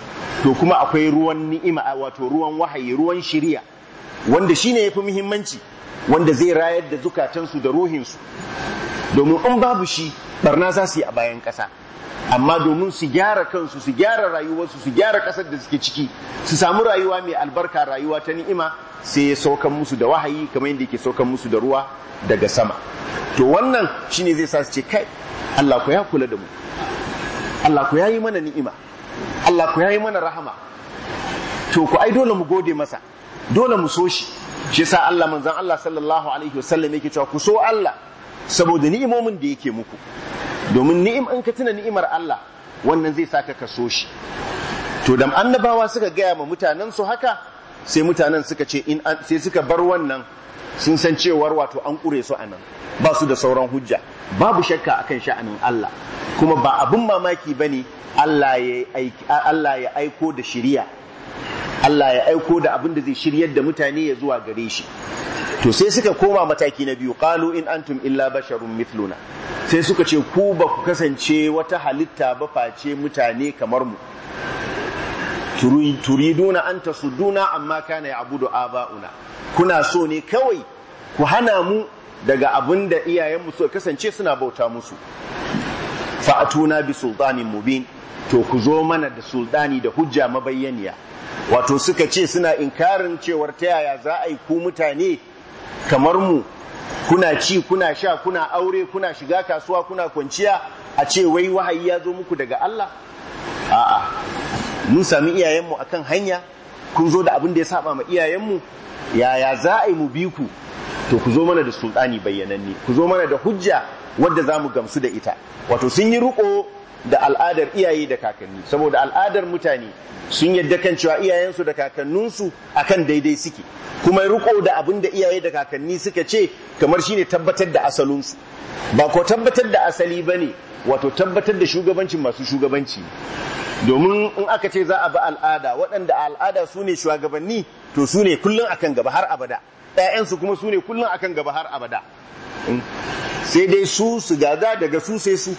to kuma akwai ruwan ni'ima wato ruwan wahayi ruwan shiriya wanda shi ne ya fi muhimmanci wanda zai rayar da zukatansu da ruhinsu domin in babu shi barna za su yi a bayan ƙasa amma domin su gyara kansu su gyara rayuwarsu su gyara kasar da suke ciki su samu rayuwa mai albarka rayuwa ta ni'ima sai ya saukan musu da wahayi kamar yadda yake saukan musu da ruwa daga sama to wannan shine zai sa su ce kai Allah ku ya kula da mu Allah ku ya yi mana ni'ima Allah ku ya yi mana rahama to ku ai dole mu gode masa dole mu so shi shi yasa Allah manzon Allah sallallahu alaihi wasallam yake cewa ku so Allah saboda ni'imomin da yake muku domin ni'im in ka tuna ni'imar Allah wannan zai saka ka so shi to dan annabawa suka gaya ma mutanen su haka sai mutanen suka ce in sai suka bar wannan sun san cewar wato an kure su anan ba su da sauran hujja babu shakka akan sha'anin Allah kuma ba abun mamaki bane Allah ya Allah ya aiko da shiriya Allah ya aiko da abin da zai shiryar da mutane ya zuwa gare shi to sai suka koma mataki na biyu ƙalu in antum illa basharun mithluna sai suka ce ku ba ku kasance wata halitta ba face mutane kamar mu turiduna an tasuduna amma kana ya'budu aba'una kuna so ne kawai ku hana mu daga abin da iyayenmu suka kasance suna bauta musu fa'atuna bi sultanin mubin to ku zo mana da sultani da hujja mabayyaniya wato suka ce suna inkarin cewar ta yaya za a yi ku mutane kamar mu kuna ci kuna sha kuna aure kuna shiga kasuwa kuna kwanciya a ce wai wahayi ya zo muku daga Allah a'a mun sami iyayenmu akan hanya kun zo da abin da ya saba ma iyayenmu yaya za a yi mu bi ku to ku zo mana da sultani bayyananne ku zo mana da hujja wadda za mu gamsu da ita wato sun yi riko da al'adar iyaye da kakanni saboda al'adar mutane sun yadda kan cewa iyayensu da kakanninsu akan daidai suke kuma riko da abin da iyaye da kakanni suka ce kamar shine tabbatar da asalinsu ba ko tabbatar da asali ba ne wato tabbatar da shugabancin masu shugabanci domin in aka ce za a bi al'ada waɗanda al'ada su ne shugabanni to su ne kullum akan gaba har abada ƴaƴansu kuma su ne kullum akan gaba har abada sai dai su su gaza daga su sai su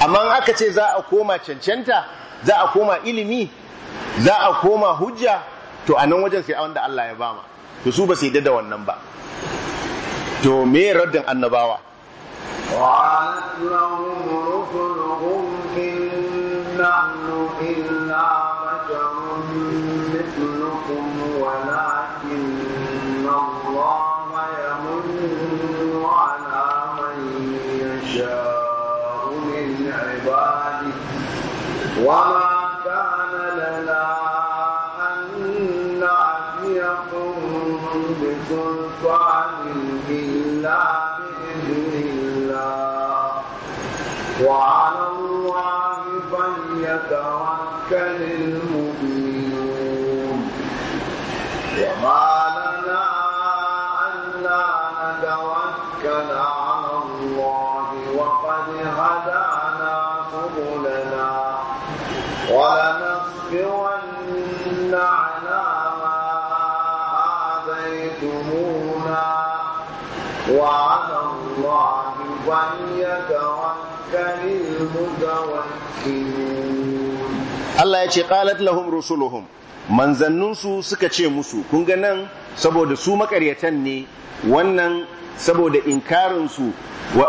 amma aka ce za a koma cancanta za a koma ilimi za a koma hujja to a nan wajen sai wanda Allah ya bama to su ba su yi da wannan ba to me raddin annabawa إلا الله يمن على من يشاء وما كان لنا أن بسلطان إلا بإذن الله وعلى الله فليتوكل المؤمنون وما Yace ya ce qalat lahum rusuluhum manzanninsu suka ce musu kun ga nan saboda su makaryatan ne wannan saboda inkarinsu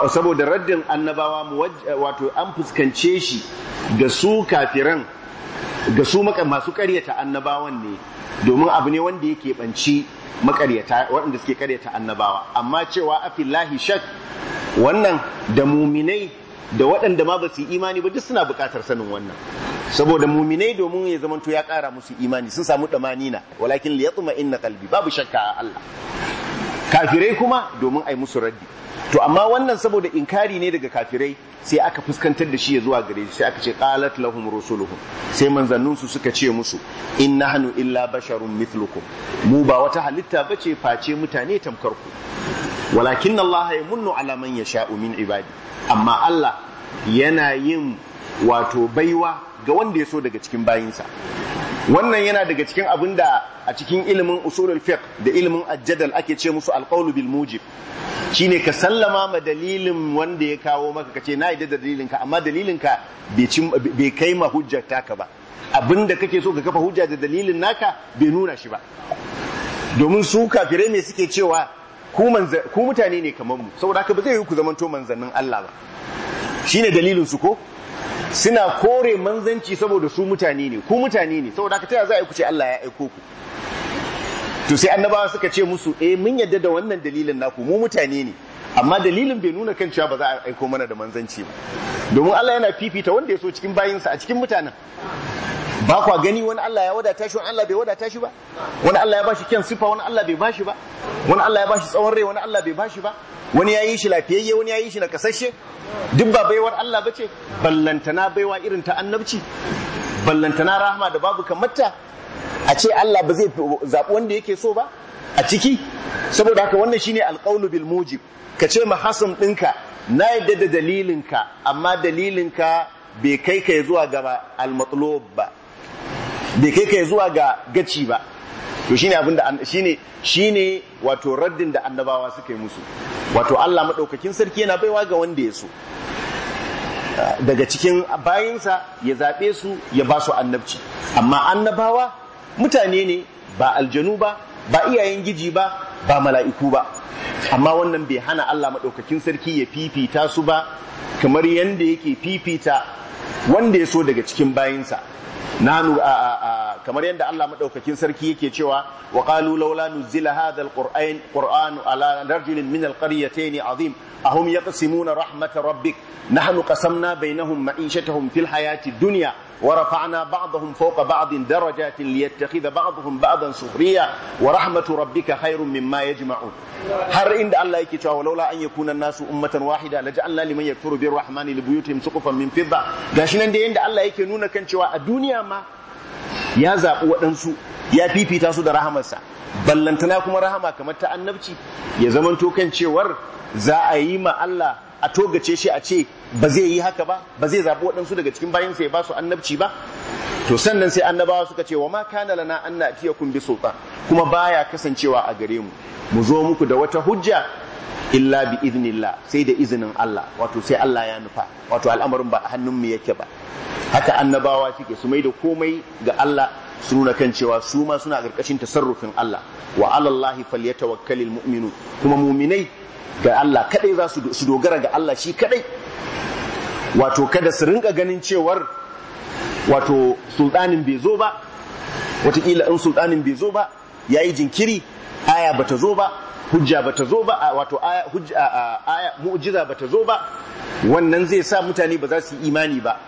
saboda raddin annabawa wato an fuskance shi ga su kafiran ga su masu karyata annabawan ne domin abu ne wanda yake banci makaryata waɗanda suke karyata annabawa amma cewa afillahi shak wannan da muminai da waɗanda ma ba su yi imani ba duk suna buƙatar sanin wannan saboda muminai domin ya zamanto ya ƙara musu imani sun samu ɗamanina walakin liyatuma inna ƙalbi babu shakka a Allah kafirai kuma domin ai musu raddi to amma wannan saboda inkari ne daga kafirai sai aka fuskantar da shi ya zuwa gare shi sai aka ce qalat lahum rusuluhum sai manzannun su suka ce musu inna hanu illa basharun mithlukum mu ba wata halitta bace face mutane tamkar ku walakin Allah yamunnu ala man yasha'u min ibadi amma Allah yana yin wato baiwa ga wanda ya so daga cikin bayinsa wannan yana daga cikin abin da a cikin ilimin usulul fiqh da ilimin ajjadal ake ce musu alqawlu bil mujib shine ka sallama ma dalilin wanda ya kawo maka kace na yi da dalilin ka amma dalilin ka bai kai ma hujjata ka ba abinda kake so ka kafa hujja da dalilin naka bai nuna shi ba domin su kafirai ne suke cewa ku mutane ne kamar mu saboda haka ba zai yi ku zamanto manzannin Allah ba shine dalilin su ko suna kore manzanci saboda su mutane ne ku mutane ne saboda ka taya za a yi ku ce Allah ya aiko ku to sai annabawa suka ce musu eh mun yadda da wannan dalilin naku mu mutane ne amma dalilin bai nuna kan cewa ba za a aiko mana da manzanci ba domin Allah yana fifita wanda ya so cikin bayinsa a cikin mutanen ba kwa gani wani Allah ya wadata shi wani Allah bai wadata shi ba wani Allah ya bashi kyan sifa wani Allah bai bashi ba wani Allah ya bashi tsawon rai wani Allah bai bashi ba wani ya yi shi lafiyayye wani ya yi shi na kasashe duk ba baiwar Allah ba ce ballantana baiwa irin ta annabci ballantana rahama da babu kamata a ce Allah ba zai zaɓi wanda yake so ba a ciki saboda haka wannan shine alqaulu bil mujib ka ce ma hasan ɗinka na yadda da dalilinka amma dalilinka bai kai kai zuwa ga al ba bai kai kai zuwa ga gaci ba to shine abinda shine shine wato raddin da annabawa suka yi musu wato Allah madaukakin sarki yana baiwa ga wanda ya so daga cikin bayinsa ya zaɓe su ya ba su annabci amma annabawa mutane ne ba aljanu ba ba iyayen giji ba ba mala'iku ba amma wannan bai hana Allah maɗaukakin sarki ya fifita su ba kamar yadda yake fifita wanda ya so daga cikin bayinsa nanu kamar yadda Allah maɗaukakin sarki yake cewa wa qalu laula nuzila hadha alquran qur'anu ala rajulin min alqaryatayn azim ahum yaqsimuna rahmat rabbik nahnu qasamna bainahum ma'ishatahum fil hayati dunya ورفعنا بعضهم فوق بعض درجات ليتخذ بعضهم بعضا سخريا ورحمة ربك خير مما يجمعون هر إن الله يكتوى ولولا أن يكون الناس أمة واحدة لجعلنا لمن يكفر بالرحمن لبيوتهم سقفا من فضة قاشنا دي إن الله يكنون كان شوى الدنيا ما ya zaɓi waɗansu ya fifita su da rahamarsa ballantana kuma rahama kamar ta annabci ya zamanto kan cewar za a yi ma Allah a togace shi a ce ba zai yi haka ba ba zai zaɓi waɗansu daga cikin bayan sai ba su annabci ba to sannan sai annabawa suka ce wa ma na lana an kun bi sultan kuma baya kasancewa a gare mu mu zo muku da wata hujja illa bi idnillah sai da izinin Allah wato sai Allah ya nufa wato al'amarin ba a hannun mu yake ba haka annabawa suke su mai da komai ga Allah su nuna kan cewa su ma suna ƙarƙashin tasarrufin Allah wa alallahi falyatawakkalul mu'minu kuma mu'minai ga Allah kadai za su dogara ga Allah shi kadai wato kada su rinka ganin cewar wato sultanin bai zo ba watakila in sultanin bai zo ba ya yi jinkiri aya ba ta zo ba hujja ba ta zo ba wato aya mu'jiza ba ta zo ba wannan zai sa mutane ba za su yi imani ba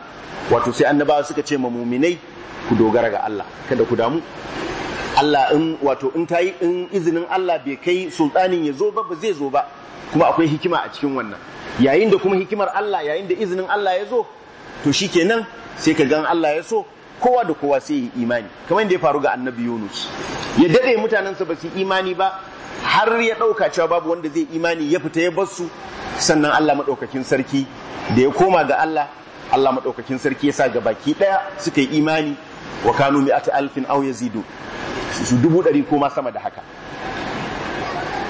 wato sai annabawa suka ce ma muminai ku dogara ga Allah kada ku damu Allah in wato in yi in izinin Allah bai kai sultanin ya zo ba ba zai zo ba kuma akwai hikima a cikin wannan yayin da kuma hikimar Allah yayin da izinin Allah ya zo to shi shikenan sai ka gan Allah ya so kowa da kowa sai yi imani kamar yadda ya faru ga annabi Yunus ya dade mutanensa ba su imani ba har ya dauka cewa babu wanda zai imani ya fita ya bar su sannan Allah madaukakin sarki da ya koma ga Allah Allah madaukakin sarki ya sa ga baki daya suka yi imani wa kanu mi'ata alfin aw yazidu su dubu dari ko ma sama da haka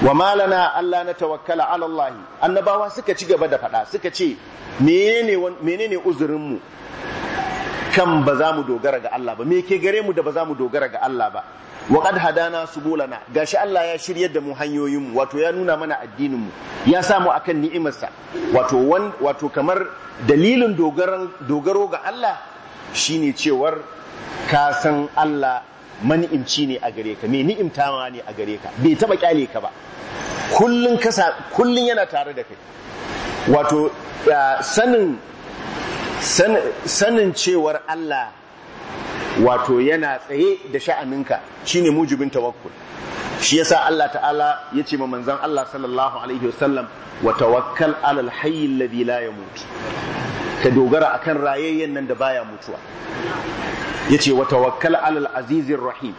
wa malana Allah na tawakkala ala Allah annabawa suka ci gaba da faɗa suka ce menene uzurin mu kan ba za mu dogara ga Allah ba me ke gare mu da ba za mu dogara ga Allah ba wa qad hadana subulana gashi Allah ya shiryar da mu hanyoyin mu wato ya nuna mana addinin mu ya sa mu akan ni'imarsa wato wato kamar dalilin dogaro ga Allah shine cewar ka san Allah mani'imci ne a gare ka mai ma ne a gare ka bai taba kyale ka ba kullun kasa kullun yana tare da kai wato sanin cewar Allah wato yana tsaye da sha'aninka shine mujibin tawakkul shi yasa Allah ta'ala ya ce ma manzon Allah sallallahu alaihi wasallam wa tawakkal alal hayy alladhi la yamut ka dogara akan rayayyen nan da baya mutuwa yace wa tawakkal alal azizir rahim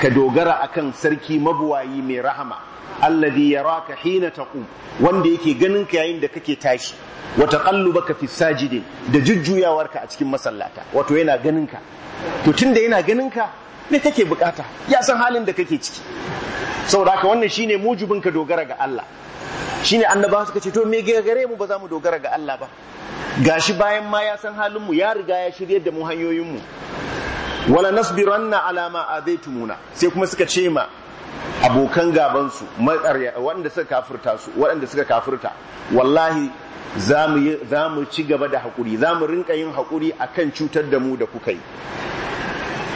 ka dogara akan sarki mabuwayi mai rahama alladhi yaraka hina taqum wanda yake ganin ka yayin da kake tashi wa taqallubaka fi sajidin da jujjuyawarka a cikin masallata wato yana ganin ka to tunda yana ganin ka me kake bukata ya san halin da kake ciki saboda haka wannan shine mujubin ka dogara ga Allah shine annaba suka ce to me gare mu ba za mu dogara ga Allah ba gashi bayan ma ya san halin mu ya riga ya shiryar da mu hanyoyin mu wala nasbiranna ala ma tumuna sai kuma suka ce ma abokan gaban su wanda suka kafirta su wanda suka kafirta wallahi za mu ci gaba da hakuri za rinka yin hakuri akan cutar da mu da kuka yi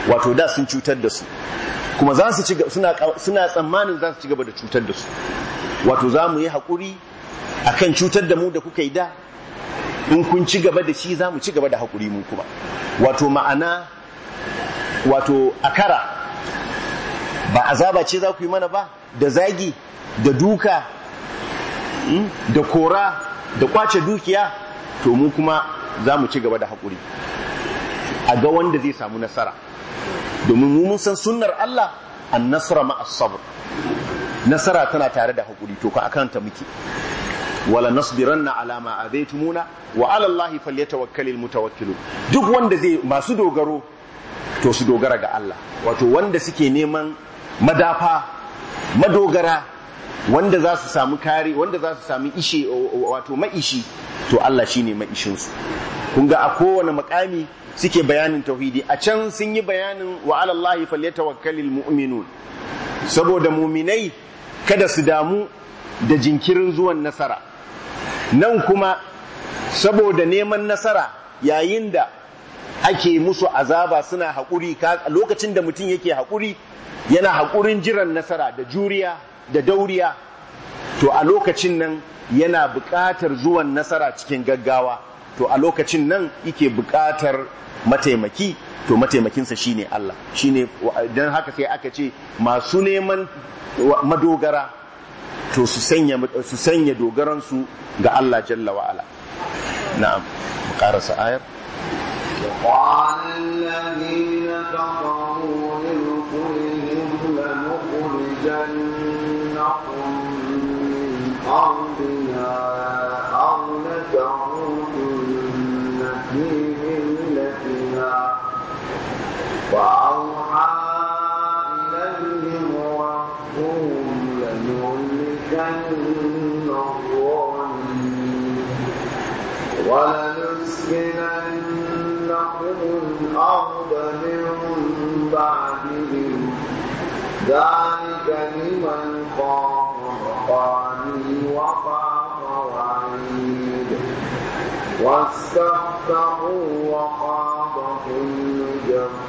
wato da sun cutar da su kuma za su suna tsammanin za su ci gaba da cutar da su wato za mu yi haƙuri a kan cutar da mu da kuka yi da in kun ci gaba da shi za mu ci gaba da haƙuri mu kuma wato ma'ana wato akara ba azaba ce za ku yi mana ba da zagi da duka hmm, da kora da kwace dukiya to mu kuma za mu ci gaba da haƙuri a ga wanda zai samu nasara domin mu mun san sunnar Allah an nasara ma'as nasara tana tare da hakuri, to ka akanta muke wala nasbiranna ala ma azaitumuna wa ala allahi falyatawakkalul mutawakkilun duk wanda zai masu dogaro to su dogara ga Allah wato wanda suke neman madafa madogara wanda za su samu kare wanda za su samu ishe wato maishi to Allah shine maishin su kun ga a kowane makami suke bayanin tauhidi a can sun yi bayanin wa ala allahi falyatawakkalul mu'minun saboda muminai kada su damu da jinkirin zuwan nasara nan kuma saboda neman nasara yayin da ake musu azaba suna haƙuri lokacin da mutum yake haƙuri yana haƙurin jiran nasara da juriya da dauriya to a lokacin nan yana buƙatar zuwan nasara cikin gaggawa to a lokacin nan yake buƙatar mataimaki to mataimakinsa shine Allah shine dan haka sai aka ce masu neman madogara to su sanya su sanya dogaransu ga Allah jalla wa ala na'am karasa ayar وأوحى إليهم ربهم لنهلكن الظالمين ولنسكننهم الأرض من بعدهم ذلك لمن خاف مقامي وخاف وعيد واستفتحوا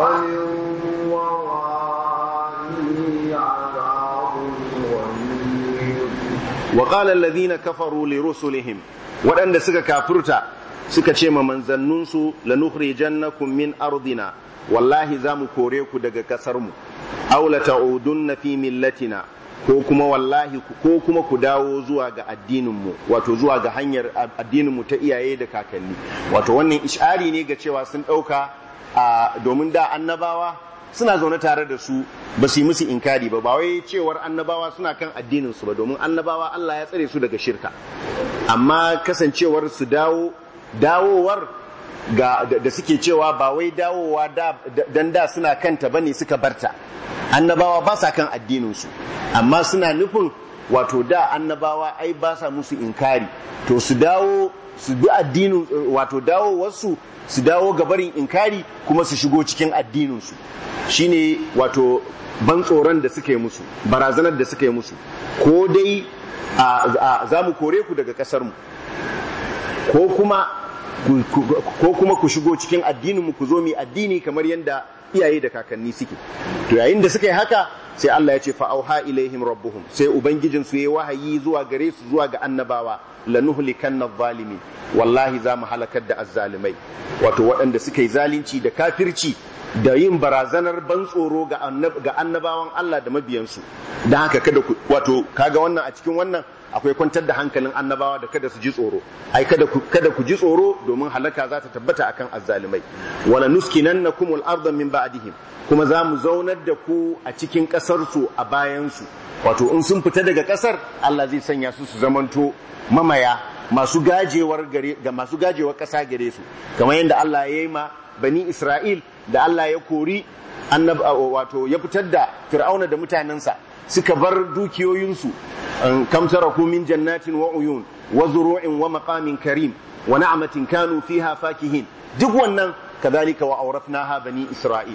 ومن ورائه عذاب غليظ وقال الذين كفروا لرسلهم suka ce ma manzanninsu lanukhrijannakum kummin ardina wallahi za mu kore ku daga kasarmu aw na fi millatina ko kuma wallahi ko kuma ku dawo zuwa ga addininmu wato zuwa ga hanyar addininmu ta iyaye da kakanni wato wannan ishari ne ga cewa sun ɗauka domin da annabawa suna zaune tare da su ba su yi musu inkari ba ba wai cewar annabawa suna kan addinin su ba domin annabawa Allah ya tsare su daga shirka amma kasancewar su dawo dawowar ga da suke cewa ba wai dawowa dan da suna kanta bane suka barta annabawa ba sa kan addininsu amma suna nufin wato da annabawa ai ba sa musu inkari to su dawo su bi addinin wato dawo wasu su dawo gabarin inkari kuma su shigo cikin addininsu shine wato ban tsoron da suka yi musu barazanar da suka yi musu ko dai za mu kore ku daga ƙasarmu ko kuma ko kuma ku shigo cikin addinin mu ku zo mu addini kamar yadda iyaye da kakanni suke to yayin da suka yi haka sai Allah ya ce fa auha ilaihim rabbuhum sai ubangijin su yi wahayi zuwa gare su zuwa ga annabawa lanuhlikanna zalimi wallahi za mu halakar da azzalimai wato waɗanda suka yi zalunci da kafirci da yin barazanar ban tsoro ga annabawan Allah da mabiyansu don haka kada wato kaga wannan a cikin wannan akwai kwantar da hankalin annabawa da kada su ji tsoro ai kada ku kada ku ji tsoro domin halaka za ta tabbata akan azzalimai wala nuskinannakum al-ardh min ba'dihim kuma za mu zaunar da ku a cikin kasar su a bayan su wato in sun fita daga kasar Allah zai sanya su su zamanto mamaya masu gajewar gare ga masu gajewar kasa gare su kamar yadda Allah ya yi ma bani Isra'il da Allah ya kori annab wato ya fitar da Fir'auna da mutanansa. suka bar dukiyoyinsu kamtara min jannatin wa uyun wa zuru'in wa maqamin karim wa na'matin kanu fiha fakihin duk wannan kadhalika wa awrafnaha bani isra'il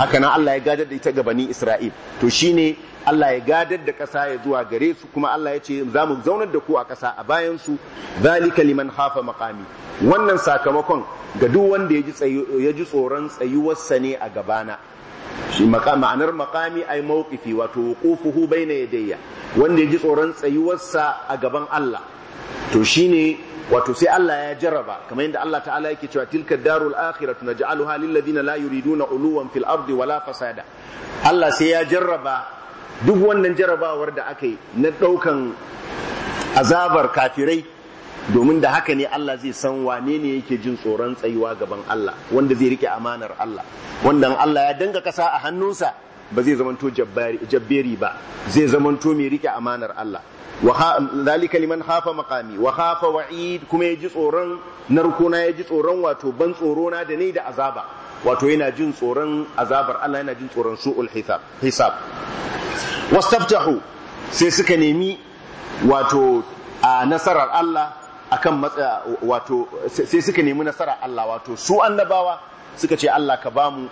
haka nan Allah ya gadar da ita ga bani isra'il to shine Allah ya gadar da ƙasa ya zuwa gare su kuma Allah ya ce za mu zaunar da ku a ƙasa a bayan su zalika liman hafa maqami wannan sakamakon ga duk wanda ya ji tsoron tsayuwarsa ne a gabana shi ma'anar makami ai mawqifi wato wuqufuhu baina yadayya wanda yaji tsoron tsayuwarsa a gaban Allah to shine wato sai Allah ya jarraba kamar yadda Allah ta'ala yake cewa tilka darul akhiratu naj'aluha lil ladina la yuriduna uluwan fil ardi wala fasada Allah sai ya jarraba duk wannan jarrabawar da aka yi na daukan azabar kafirai domin da haka ne Allah zai san wane ne yake jin tsoron tsayuwa gaban Allah wanda zai rike amanar Allah wanda Allah ya danga kasa a hannunsa ba zai zamanto jabberi ba zai zamanto mai rike amanar Allah zalika liman hafa makami wa hafa wa'id kuma ya ji tsoron narkona ya ji tsoron wato ban tsoro da ne da azaba wato yana jin tsoron azabar Allah yana jin tsoron su'ul hisab wastaftahu sai suka nemi wato a nasarar Allah akan matsa wato sai suka nemi nasara Allah wato su annabawa suka ce Allah ka bamu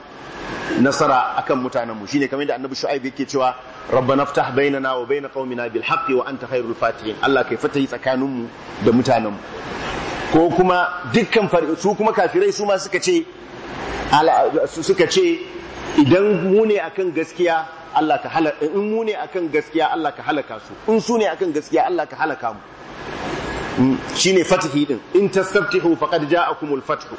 nasara akan mutanenmu shine kamar yadda annabi shu'aib yake cewa rabbana ftah bainana wa bain qaumina bil haqqi wa anta khairul fatihin Allah kai fatahi tsakaninmu da mutanenmu ko kuma dukkan su kuma kafirai su ma suka ce suka ce idan mu ne akan gaskiya Allah ka halaka in mu ne akan gaskiya Allah ka halaka su in su ne akan gaskiya Allah ka halaka mu shine fatihi din in ta tasabtihu faqad ja'akumul fathu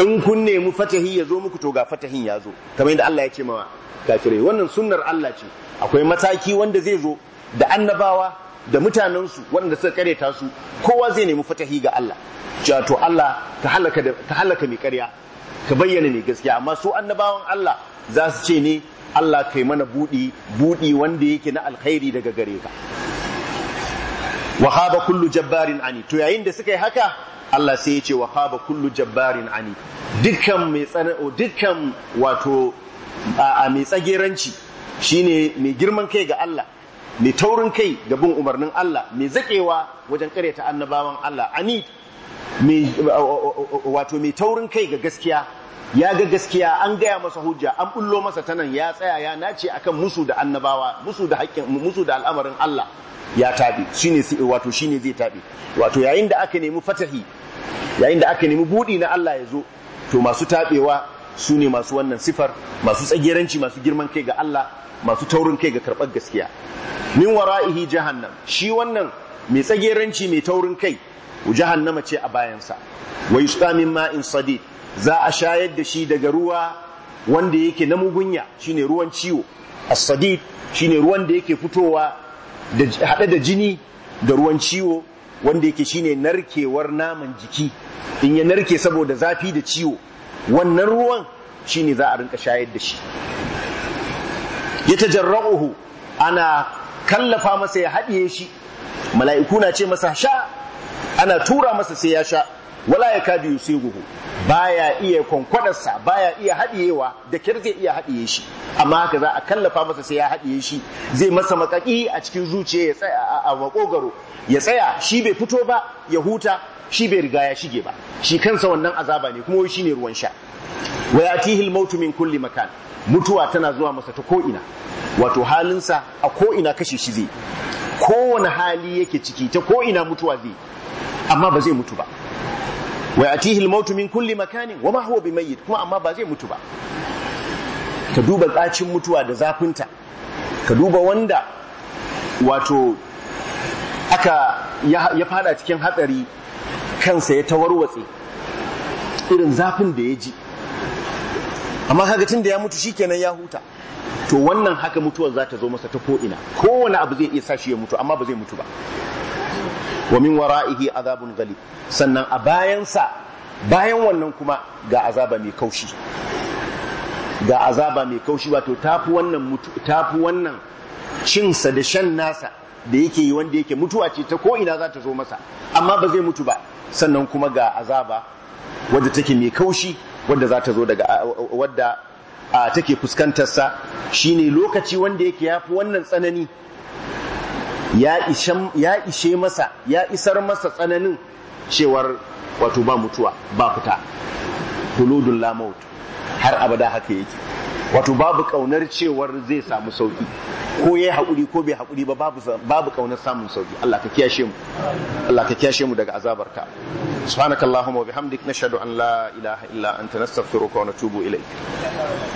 in kun nemi fatahi ya zo muku to ga fatahin ya zo kamar yadda Allah ya ce mawa. kafirai wannan sunnar Allah ce akwai mataki wanda zai zo da annabawa da mutanensu waɗanda suka ta su kowa zai nemi fatahi ga Allah cewa to Allah ka halaka halaka mai ƙarya ka bayyana mai gaskiya amma su annabawan Allah za su ce ne Allah kai mana budi budi wanda yake na alkhairi daga gare ka wa kullu jabbarin ani to yayin da suka yi haka Allah sai ya ce wa khaba kullu jabbarin ani dukkan mai dukkan wato a mai tsageranci shine mai girman kai ga Allah mai taurin kai ga bin umarnin Allah mai zakewa wajen karyata annabawan Allah ani wato mai taurin kai ga gaskiya ya ga gaskiya an gaya masa hujja an bullo masa tanan ya tsaya ya nace akan musu da annabawa musu da haƙƙin musu da al'amarin Allah ya tabi shine wato shine zai tabi wato yayin da aka nemi fatahi yayin da aka nemi budi na Allah ya zo to masu tabewa su ne masu wannan sifar masu tsagiranci masu girman kai ga Allah masu taurin kai ga karɓar gaskiya min wara'ihi jahannam shi wannan mai tsagiranci mai taurin kai jahannama ce a bayansa wa yusqa min ma'in sadid za a shayar da shi daga ruwa wanda yake na mugunya shine ruwan ciwo as-sadid shine ruwan da yake fitowa haɗe da jini da ruwan ciwo wanda yake shine narkewar naman jiki in ya narke saboda zafi da ciwo wannan ruwan shine za a rinka shayar da shi ya jarra'uhu ana kallafa masa ya haɗiye shi mala'iku na ce masa sha ana tura masa sai ya sha wala ya kadi yusiguhu baya iya konkwadarsa baya iya haɗiyewa da kyar zai iya haɗiye shi amma haka za a kallafa masa sai ya haɗiye shi zai masa makaki a cikin zuciya ya tsaya a makogaro ya tsaya shi bai fito ba ya huta shi bai riga ya shige ba shi kansa wannan azaba ne kuma shi ne ruwan sha wa yatihil mautu min kulli makan mutuwa tana zuwa masa ta ko'ina wato halinsa a ko'ina kashe shi zai kowane hali yake ciki ta ko'ina mutuwa zai amma ba zai mutu ba wa yatihi al-maut min kulli makanin wa ma huwa bimayyit kuma amma ba zai mutu ba ka duba tsacin mutuwa da zafinta ka duba wanda wato aka ya fada cikin hatsari kansa ya tawarwatse irin zafin da ya ji amma kaga tun da ya mutu shikenan ya huta to wannan haka mutuwar za ta zo masa ta ko ina kowane abu zai iya sa shi ya mutu amma ba zai mutu ba wa min wara'ihi azabun ghalib sannan a bayansa bayan wannan kuma ga azaba mai kaushi ga azaba mai kaushi wato tafi wannan tafi wannan cinsa da shan nasa da yake yi wanda yake mutuwa ce ta ko'ina za ta zo masa amma ba zai mutu ba sannan kuma ga azaba wadda take mai kaushi wadda za ta zo daga wadda take fuskantarsa shine lokaci wanda yake yafi wannan tsanani ya ishe masa ya isar masa tsananin cewar wato ba mutuwa ba fita huludun lamaut har abada haka yake wato babu kaunar cewar zai samu sauki ko yayi haƙuri ko bai hakuri ba babu kaunar samun sauki Allah ka kiyashe mu Allah ka kiyashe mu daga azabarka subhanakallahumma wa bihamdik nashhadu an la ilaha illa anta nastaghfiruka wa natubu